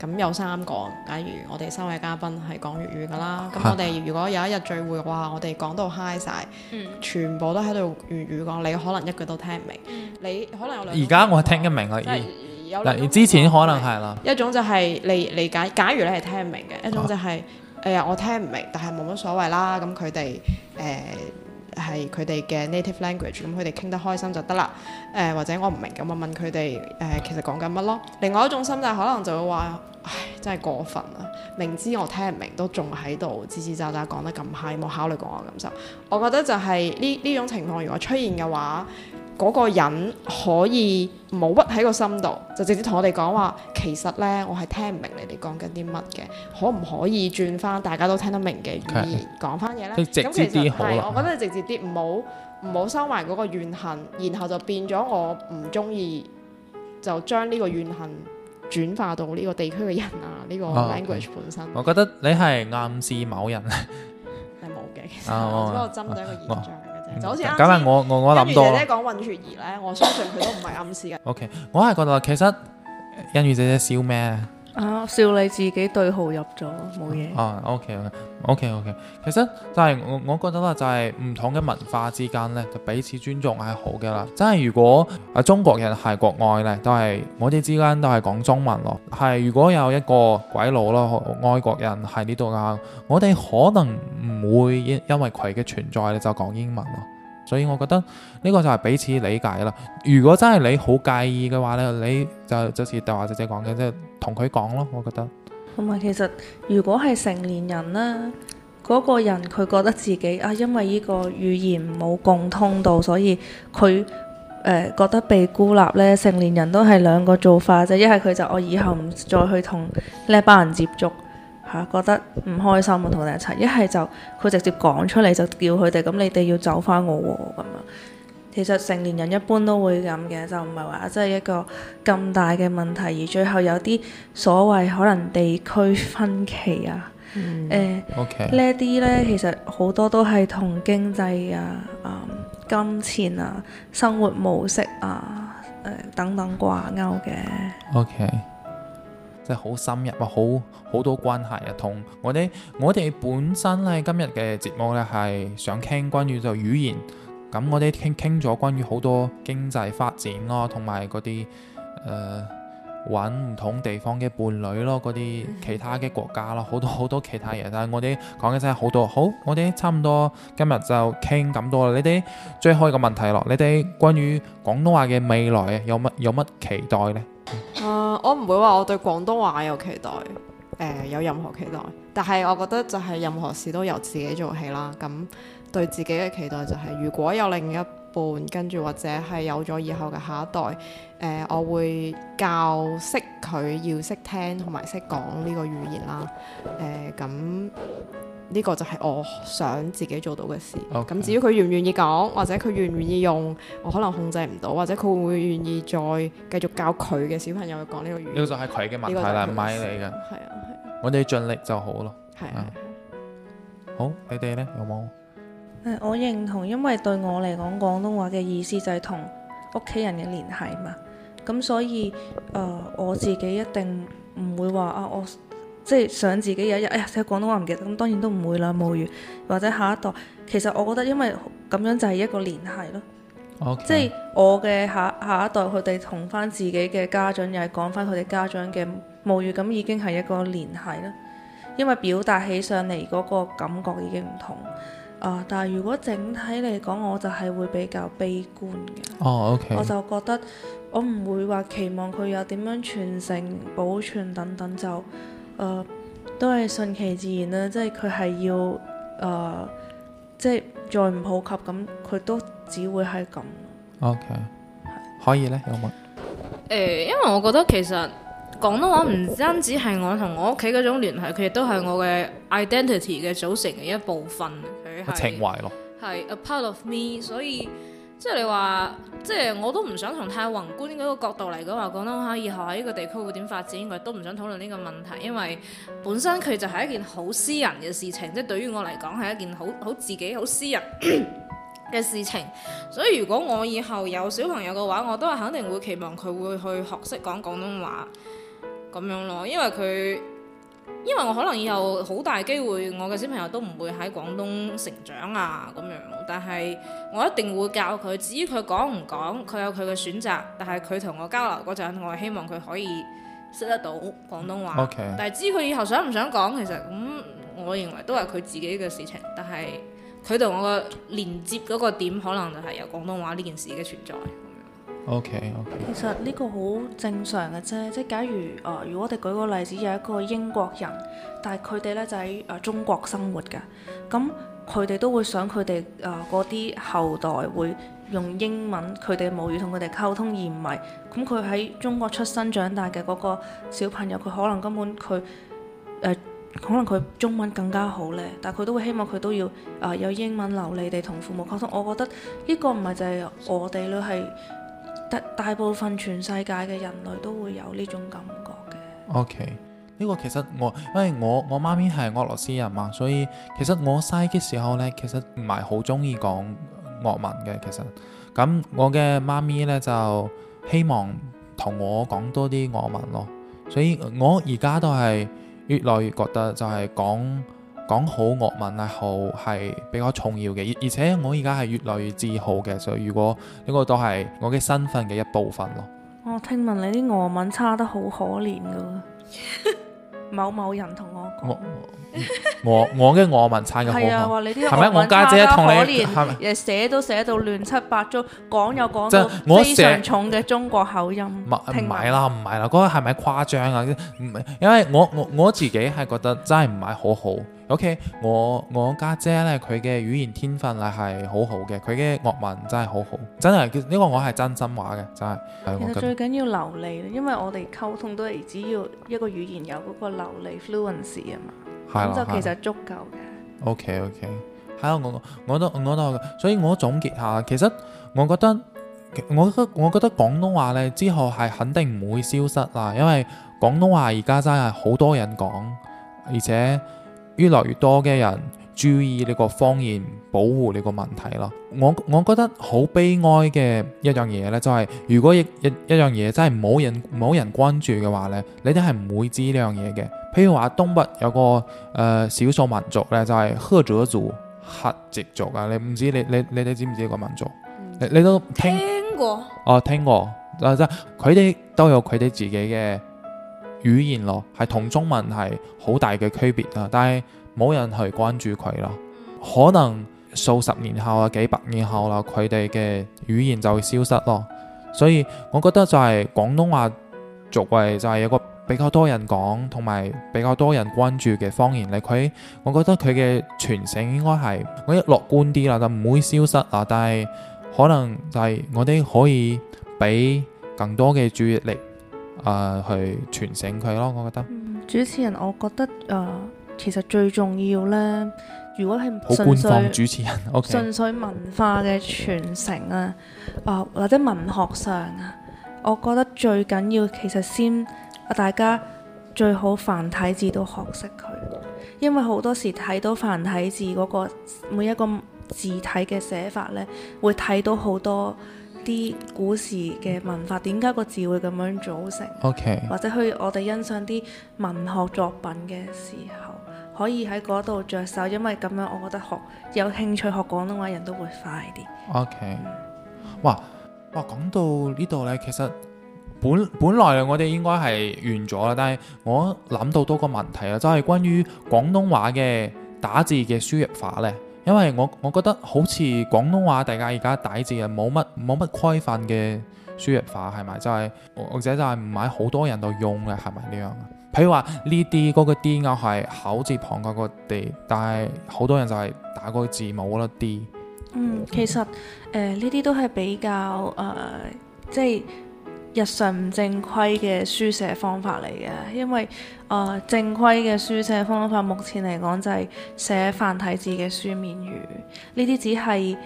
咁有三個，假如我哋三位嘉賓係講粵語㗎啦，咁我哋如果有一日聚會嘅話，我哋講到嗨晒，嗯、全部都喺度粵語講，你可能一句都聽唔明，嗯、你可能有兩種而家我聽得明嘅，嗱、就係，之前可能係啦，一種就係你理解，假如你係聽唔明嘅，一種就係誒我聽唔明，但係冇乜所謂啦，咁佢哋誒。呃係佢哋嘅 native language，咁佢哋傾得開心就得啦。誒、呃、或者我唔明咁，我問佢哋誒其實講緊乜咯。另外一種心態可能就會話。唉，真係過分啊！明知我聽唔明，都仲喺度嘰嘰喳喳講得咁嗨，冇考慮過我感受。我覺得就係呢呢種情況，如果出現嘅話，嗰、那個人可以冇屈喺個心度，就直接同我哋講話，其實呢，我係聽唔明你哋講緊啲乜嘅，可唔可以轉翻大家都聽得明嘅語言講翻嘢呢？咁其實係，我覺得你直接啲，唔好唔好收埋嗰個怨恨，然後就變咗我唔中意，就將呢個怨恨。轉化到呢個地區嘅人啊，呢個 language 本身。我覺得你係暗示某人，係冇嘅，只不過係針對一個現象嘅啫。就好似咁啊，我我我諗多。恩瑜姐姐講混血兒咧，我相信佢都唔係暗示嘅。OK，我係覺得其實恩瑜姐姐笑咩？啊！笑你自己對號入座，冇嘢。啊，OK，OK，OK。其實就係、是、我，我覺得咧，就係唔同嘅文化之間呢，就彼此尊重係好嘅啦。真係，如果啊中國人喺國外呢，都係我哋之間都係講中文咯。係，如果有一個鬼佬咯，外國人喺呢度啊，我哋可能唔會因為佢嘅存在咧就講英文咯。所以我覺得呢、呢個就係彼此理解啦。如果真係你好介意嘅話呢，你就就似德華姐姐講嘅，即係同佢講咯。我覺得同埋其實如果係成年人咧，嗰、嗰個人佢覺得自己啊，因為呢個語言冇共通度，所以佢誒、呃、覺得被孤立呢，成年人都係兩個做法啫，一係佢就我以後唔再去同呢班人接觸。嚇、啊、覺得唔開心啊，同你一齊，一係就佢直接講出嚟就叫佢哋咁，你哋要走翻我喎咁樣。其實成年人一般都會咁嘅，就唔係話即係一個咁大嘅問題，而最後有啲所謂可能地區分歧啊，誒呢一啲咧其實好多都係同經濟啊、啊、嗯、金錢啊、生活模式啊、誒、呃、等等掛鈎嘅。OK。即係好深入啊，好好多關係啊，同我哋我哋本身咧今日嘅節目咧係想傾關於就語言，咁我哋傾傾咗關於好多經濟發展咯，同埋嗰啲誒揾唔同地方嘅伴侶咯，嗰啲其他嘅國家咯，好多好多其他嘢。但係我哋講嘅真係好多。好，我哋差唔多今日就傾咁多啦。你哋最後一個問題咯，你哋關於廣東話嘅未來啊，有乜有乜期待呢？誒，uh, 我唔會話我對廣東話有期待，誒、呃，有任何期待。但係我覺得就係任何事都由自己做起啦。咁對自己嘅期待就係，如果有另一半跟住或者係有咗以後嘅下一代，誒、呃，我會教識佢要識聽同埋識講呢個語言啦。誒、呃，咁。呢個就係我想自己做到嘅事。咁 Okay. 至於佢願唔願意講，或者佢願唔願意用，我可能控制唔到，或者佢會唔會願意再繼續教佢嘅小朋友講呢個語，呢個就係佢嘅問題啦，唔係你嘅。係啊係。我哋盡力就好咯。係啊係、啊。好，你哋呢？有冇？我認同，因為對我嚟講，廣東話嘅意思就係同屋企人嘅聯繫嘛。咁所以誒、呃，我自己一定唔會話啊我。即係想自己有一日，哎呀，寫廣東話唔記得咁，當然都唔會啦。母語或者下一代，其實我覺得因為咁樣就係一個聯繫咯，Okay. 即係我嘅下下一代，佢哋同翻自己嘅家長又係講翻佢哋家長嘅母語，咁已經係一個聯繫啦。因為表達起上嚟嗰個感覺已經唔同啊。但係如果整體嚟講，我就係會比較悲觀嘅。Oh, okay. 我就覺得我唔會話期望佢有點樣傳承、保存等等就。誒、呃、都係順其自然啦，即係佢係要誒、呃，即係再唔普及咁，佢都只會係咁。OK，是可以呢？有冇？誒、欸，因為我覺得其實廣東話唔單止係我同我屋企嗰種聯繫，佢亦都係我嘅 identity 嘅組成嘅一部分。佢係情懷咯，係 a part of me，所以。即係你話，即係、就是、我都唔想從太宏觀嗰個角度嚟講話廣東話以後喺呢個地區會點發展，我都唔想討論呢個問題，因為本身佢就係一件好私人嘅事情，即、就、係、是、對於我嚟講係一件好好自己好私人嘅事情。所以如果我以後有小朋友嘅話，我都係肯定會期望佢會去學識講廣東話咁樣咯，因為佢。因為我可能以後好大機會，我嘅小朋友都唔會喺廣東成長啊咁樣，但係我一定會教佢。至於佢講唔講，佢有佢嘅選擇。但係佢同我交流嗰陣，我希望佢可以識得到廣東話。Okay. 但係至於佢以後想唔想講，其實咁、嗯，我認為都係佢自己嘅事情。但係佢同我嘅連接嗰個點，可能就係有廣東話呢件事嘅存在。Okay, okay. 其實呢個好正常嘅啫，即係假如誒、呃，如果我哋舉個例子，有一個英國人，但係佢哋咧就喺誒、呃、中國生活嘅，咁佢哋都會想佢哋誒嗰啲後代會用英文佢哋母語同佢哋溝通而，而唔係咁，佢喺中國出生長大嘅嗰個小朋友，佢可能根本佢誒、呃、可能佢中文更加好咧，但係佢都會希望佢都要誒、呃、有英文流利地同父母溝通。我覺得呢個唔係就係我哋女係。大，大部分全世界嘅人類都會有呢種感覺嘅。OK，呢個其實我，因為我我媽咪係俄羅斯人嘛，所以其實我細嘅時候呢，其實唔係好鍾意講俄文嘅。其實咁我嘅媽咪呢，就希望同我講多啲俄文咯，所以我而家都係越來越覺得就係講。講好俄文啊，好係比較重要嘅，而而且我而家係越來越自豪嘅，所以如果呢個都係我嘅身份嘅一部分咯。我聽聞你啲俄文差得好可憐㗎， 某某人同我講。我 我我嘅俄文差嘅，係啊，話你啲俄文差到可憐，係咪？寫都寫到亂七八糟，講又講到非常重嘅中國口音。唔係啦，唔係啦，嗰個係咪誇張啊？唔係，因為我我，我自己係覺得真係唔係好好。OK，我我家姐咧，佢嘅語言天分係係好好嘅，佢嘅俄文真係好好，真係。呢個我係真心話嘅，真係。最緊要流利，因為我哋溝通都係只要一個語言有嗰個流利 fluency 啊嘛。咁就其實足夠嘅。 OK OK，係、yeah, 啊，我我我都我都，所以我總結下，其實我覺得，我覺得我覺得廣東話咧之後係肯定唔會消失啦，因為廣東話而家真係好多人講，而且越來越多嘅人注意呢個方言保護呢個問題咯。我我覺得好悲哀嘅一樣嘢咧，就係、是、如果一一一樣嘢真係冇人冇人關注嘅話咧，你哋係唔會知呢樣嘢嘅。譬如話東北有個誒少數民族咧，就係、是、赫哲族、赫哲族啊，你唔知你你你你知唔知呢個民族？嗯、你你都聽,聽過？哦，聽過，即佢哋都有佢哋自己嘅語言咯，係同中文係好大嘅區別噶，但係冇人去關注佢咯，可能數十年後啊，幾百年後啦，佢哋嘅語言就會消失咯，所以我覺得就係廣東話作為就係一個。比較多人講，同埋比較多人關注嘅方言咧，佢，我覺得佢嘅傳承應該係我一樂觀啲啦，就唔會消失啦。但係可能就係我哋可以俾更多嘅注意力啊、呃，去傳承佢咯。我覺得、嗯、主持人，我覺得啊、呃，其實最重要呢，如果係純粹，好官方主持人，okay、純粹文化嘅傳承啊，啊、呃、或者文學上啊，我覺得最緊要其實先。大家最好繁體字都學識佢，因為好多時睇到繁體字嗰個每一個字體嘅寫法呢，會睇到好多啲古時嘅文化。點解個字會咁樣組成？OK，或者去我哋欣賞啲文學作品嘅時候，可以喺嗰度着手，因為咁樣我覺得學有興趣學廣東話人都會快啲。OK，哇哇講到呢度呢，其實～本本來我哋應該係完咗啦，但係我諗到多個問題啦，就係關於廣東話嘅打字嘅輸入法咧。因為我我覺得好似廣東話大家而家打字啊，冇乜冇乜規範嘅輸入法，係咪？就係，或者就係唔係好多人都用嘅，係咪呢樣？譬如話呢啲嗰個 D 我係口字旁嗰個 D，但係好多人就係打個字母啦 D。嗯，其實誒呢啲都係比較誒即係。呃就是日常唔正規嘅書寫方法嚟嘅，因為誒、呃、正規嘅書寫方法目前嚟講就係寫繁體字嘅書面語，呢啲只係誒、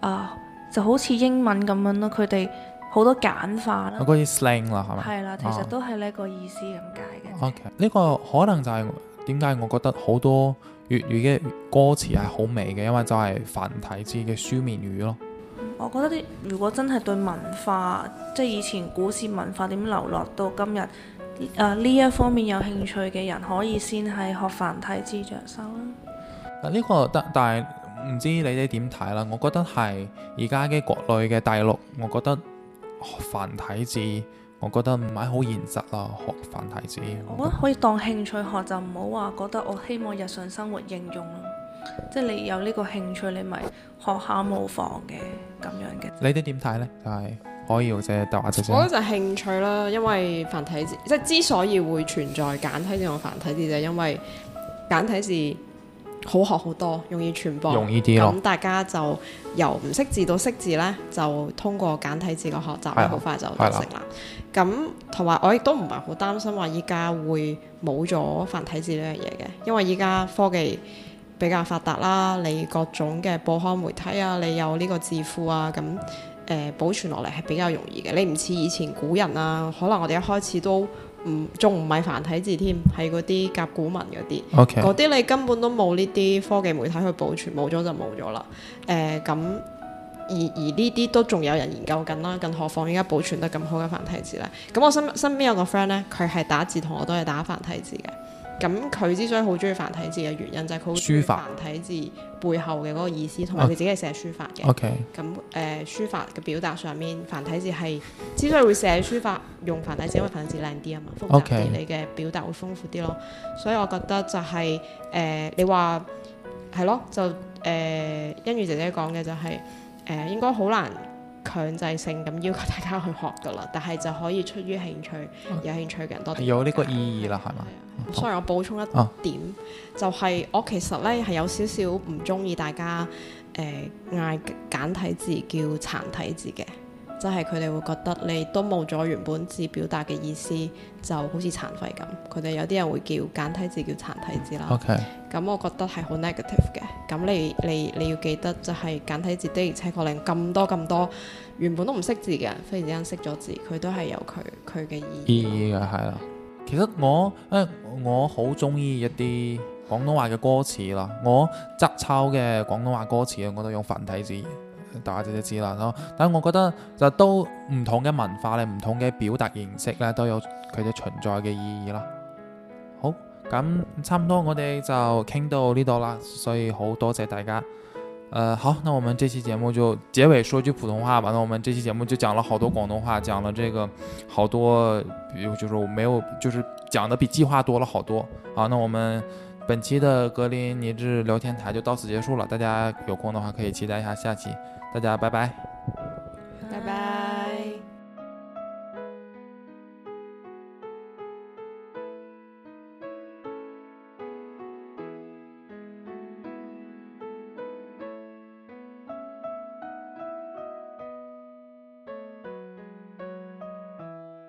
呃、就好似英文咁樣咯，佢哋好多簡化啦。嗰啲 slang 啦，係咪？係啦，其實都係呢個意思咁解嘅。Oh. O.K. 呢個可能就係點解我覺得好多粵語嘅歌詞係好美嘅，因為就係繁體字嘅書面語咯。我覺得啲如果真係對文化，即係以前古時文化點流落到今日，誒呢、呃、一方面有興趣嘅人，可以先係學繁體字着手。呢、這個得，但係唔知你哋點睇啦。我覺得係而家嘅國內嘅大陸，我覺得繁體字，我覺得唔係好現實咯，學繁體字。我覺得我可以當興趣學，就唔好話覺得我希望日常生活應用。即係你有呢個興趣，你咪學下模仿嘅咁樣嘅。你哋點睇呢？就係可以或者獨立。我覺得就係興趣啦，因為繁體字即係之所以會存在簡體字同繁體字，就係因為簡體字好學好多，容易傳播。容易啲。咁大家就由唔識字到識字呢，就通過簡體字嘅學習好快就完成啦。咁同埋我亦都唔係好擔心話依家會冇咗繁體字呢樣嘢嘅，因為依家科技。比較發達啦，你各種嘅報刊媒體啊，你有呢個字庫啊，咁誒、呃、保存落嚟係比較容易嘅。你唔似以前古人啊，可能我哋一開始都唔仲唔係繁體字添，係嗰啲甲骨文嗰啲，嗰啲 Okay. 你根本都冇呢啲科技媒體去保存，冇咗就冇咗啦。誒、呃，咁而而呢啲都仲有人研究緊啦、啊，更何況依家保存得咁好嘅繁體字咧？咁我身身邊有個 friend 咧，佢係打字同我都係打繁體字嘅。咁佢之所以好中意繁體字嘅原因就係佢好書法繁體字背後嘅嗰個意思，同埋佢自己係寫書法嘅。OK。咁誒書法嘅表達上面，繁體字係之所以會寫書法，用繁體字，因為繁體字靚啲啊嘛，複雜啲，Okay. 你嘅表達會豐富啲咯。所以我覺得就係、是、誒、呃，你話係咯，就誒、呃、恩瑜姐姐講嘅就係、是、誒、呃，應該好難。強制性咁要求大家去學噶啦，但係就可以出於興趣，啊、有興趣嘅人多啲，有呢個意義啦，係嘛？sorry 我補充一點，啊、就係我其實咧係有少少唔中意大家誒嗌、呃、簡體字叫殘體字嘅，就係佢哋會覺得你都冇咗原本字表達嘅意思。就好似殘廢咁，佢哋有啲人會叫簡體字叫殘體字啦。咁 Okay. 我覺得係好 negative 嘅。咁你你你要記得就係簡體字的而且確令咁多咁多原本都唔識字嘅人，忽然之間識咗字，佢都係有佢佢嘅意義嘅，係啦意義。其實我誒、欸、我好中意一啲廣東話嘅歌詞啦，我摘抄嘅廣東話歌詞我都用繁體字。大家知知啦咯，但我覺得就都唔同嘅文化咧，唔同嘅表達形式咧，都有佢嘅存在嘅意義啦。好，咁差唔多我哋就傾到呢度啦，所以好多謝大家。誒、呃，好，那我們這期節目就結尾說句普通話吧。那我們這期節目就講了好多廣東話，講了這個好多，比如就是我沒有，就是講的比計劃多了好多。好，那我們本期的格林尼治聊天台就到此結束了，大家有空的話可以期待一下下期。大家拜拜，拜拜。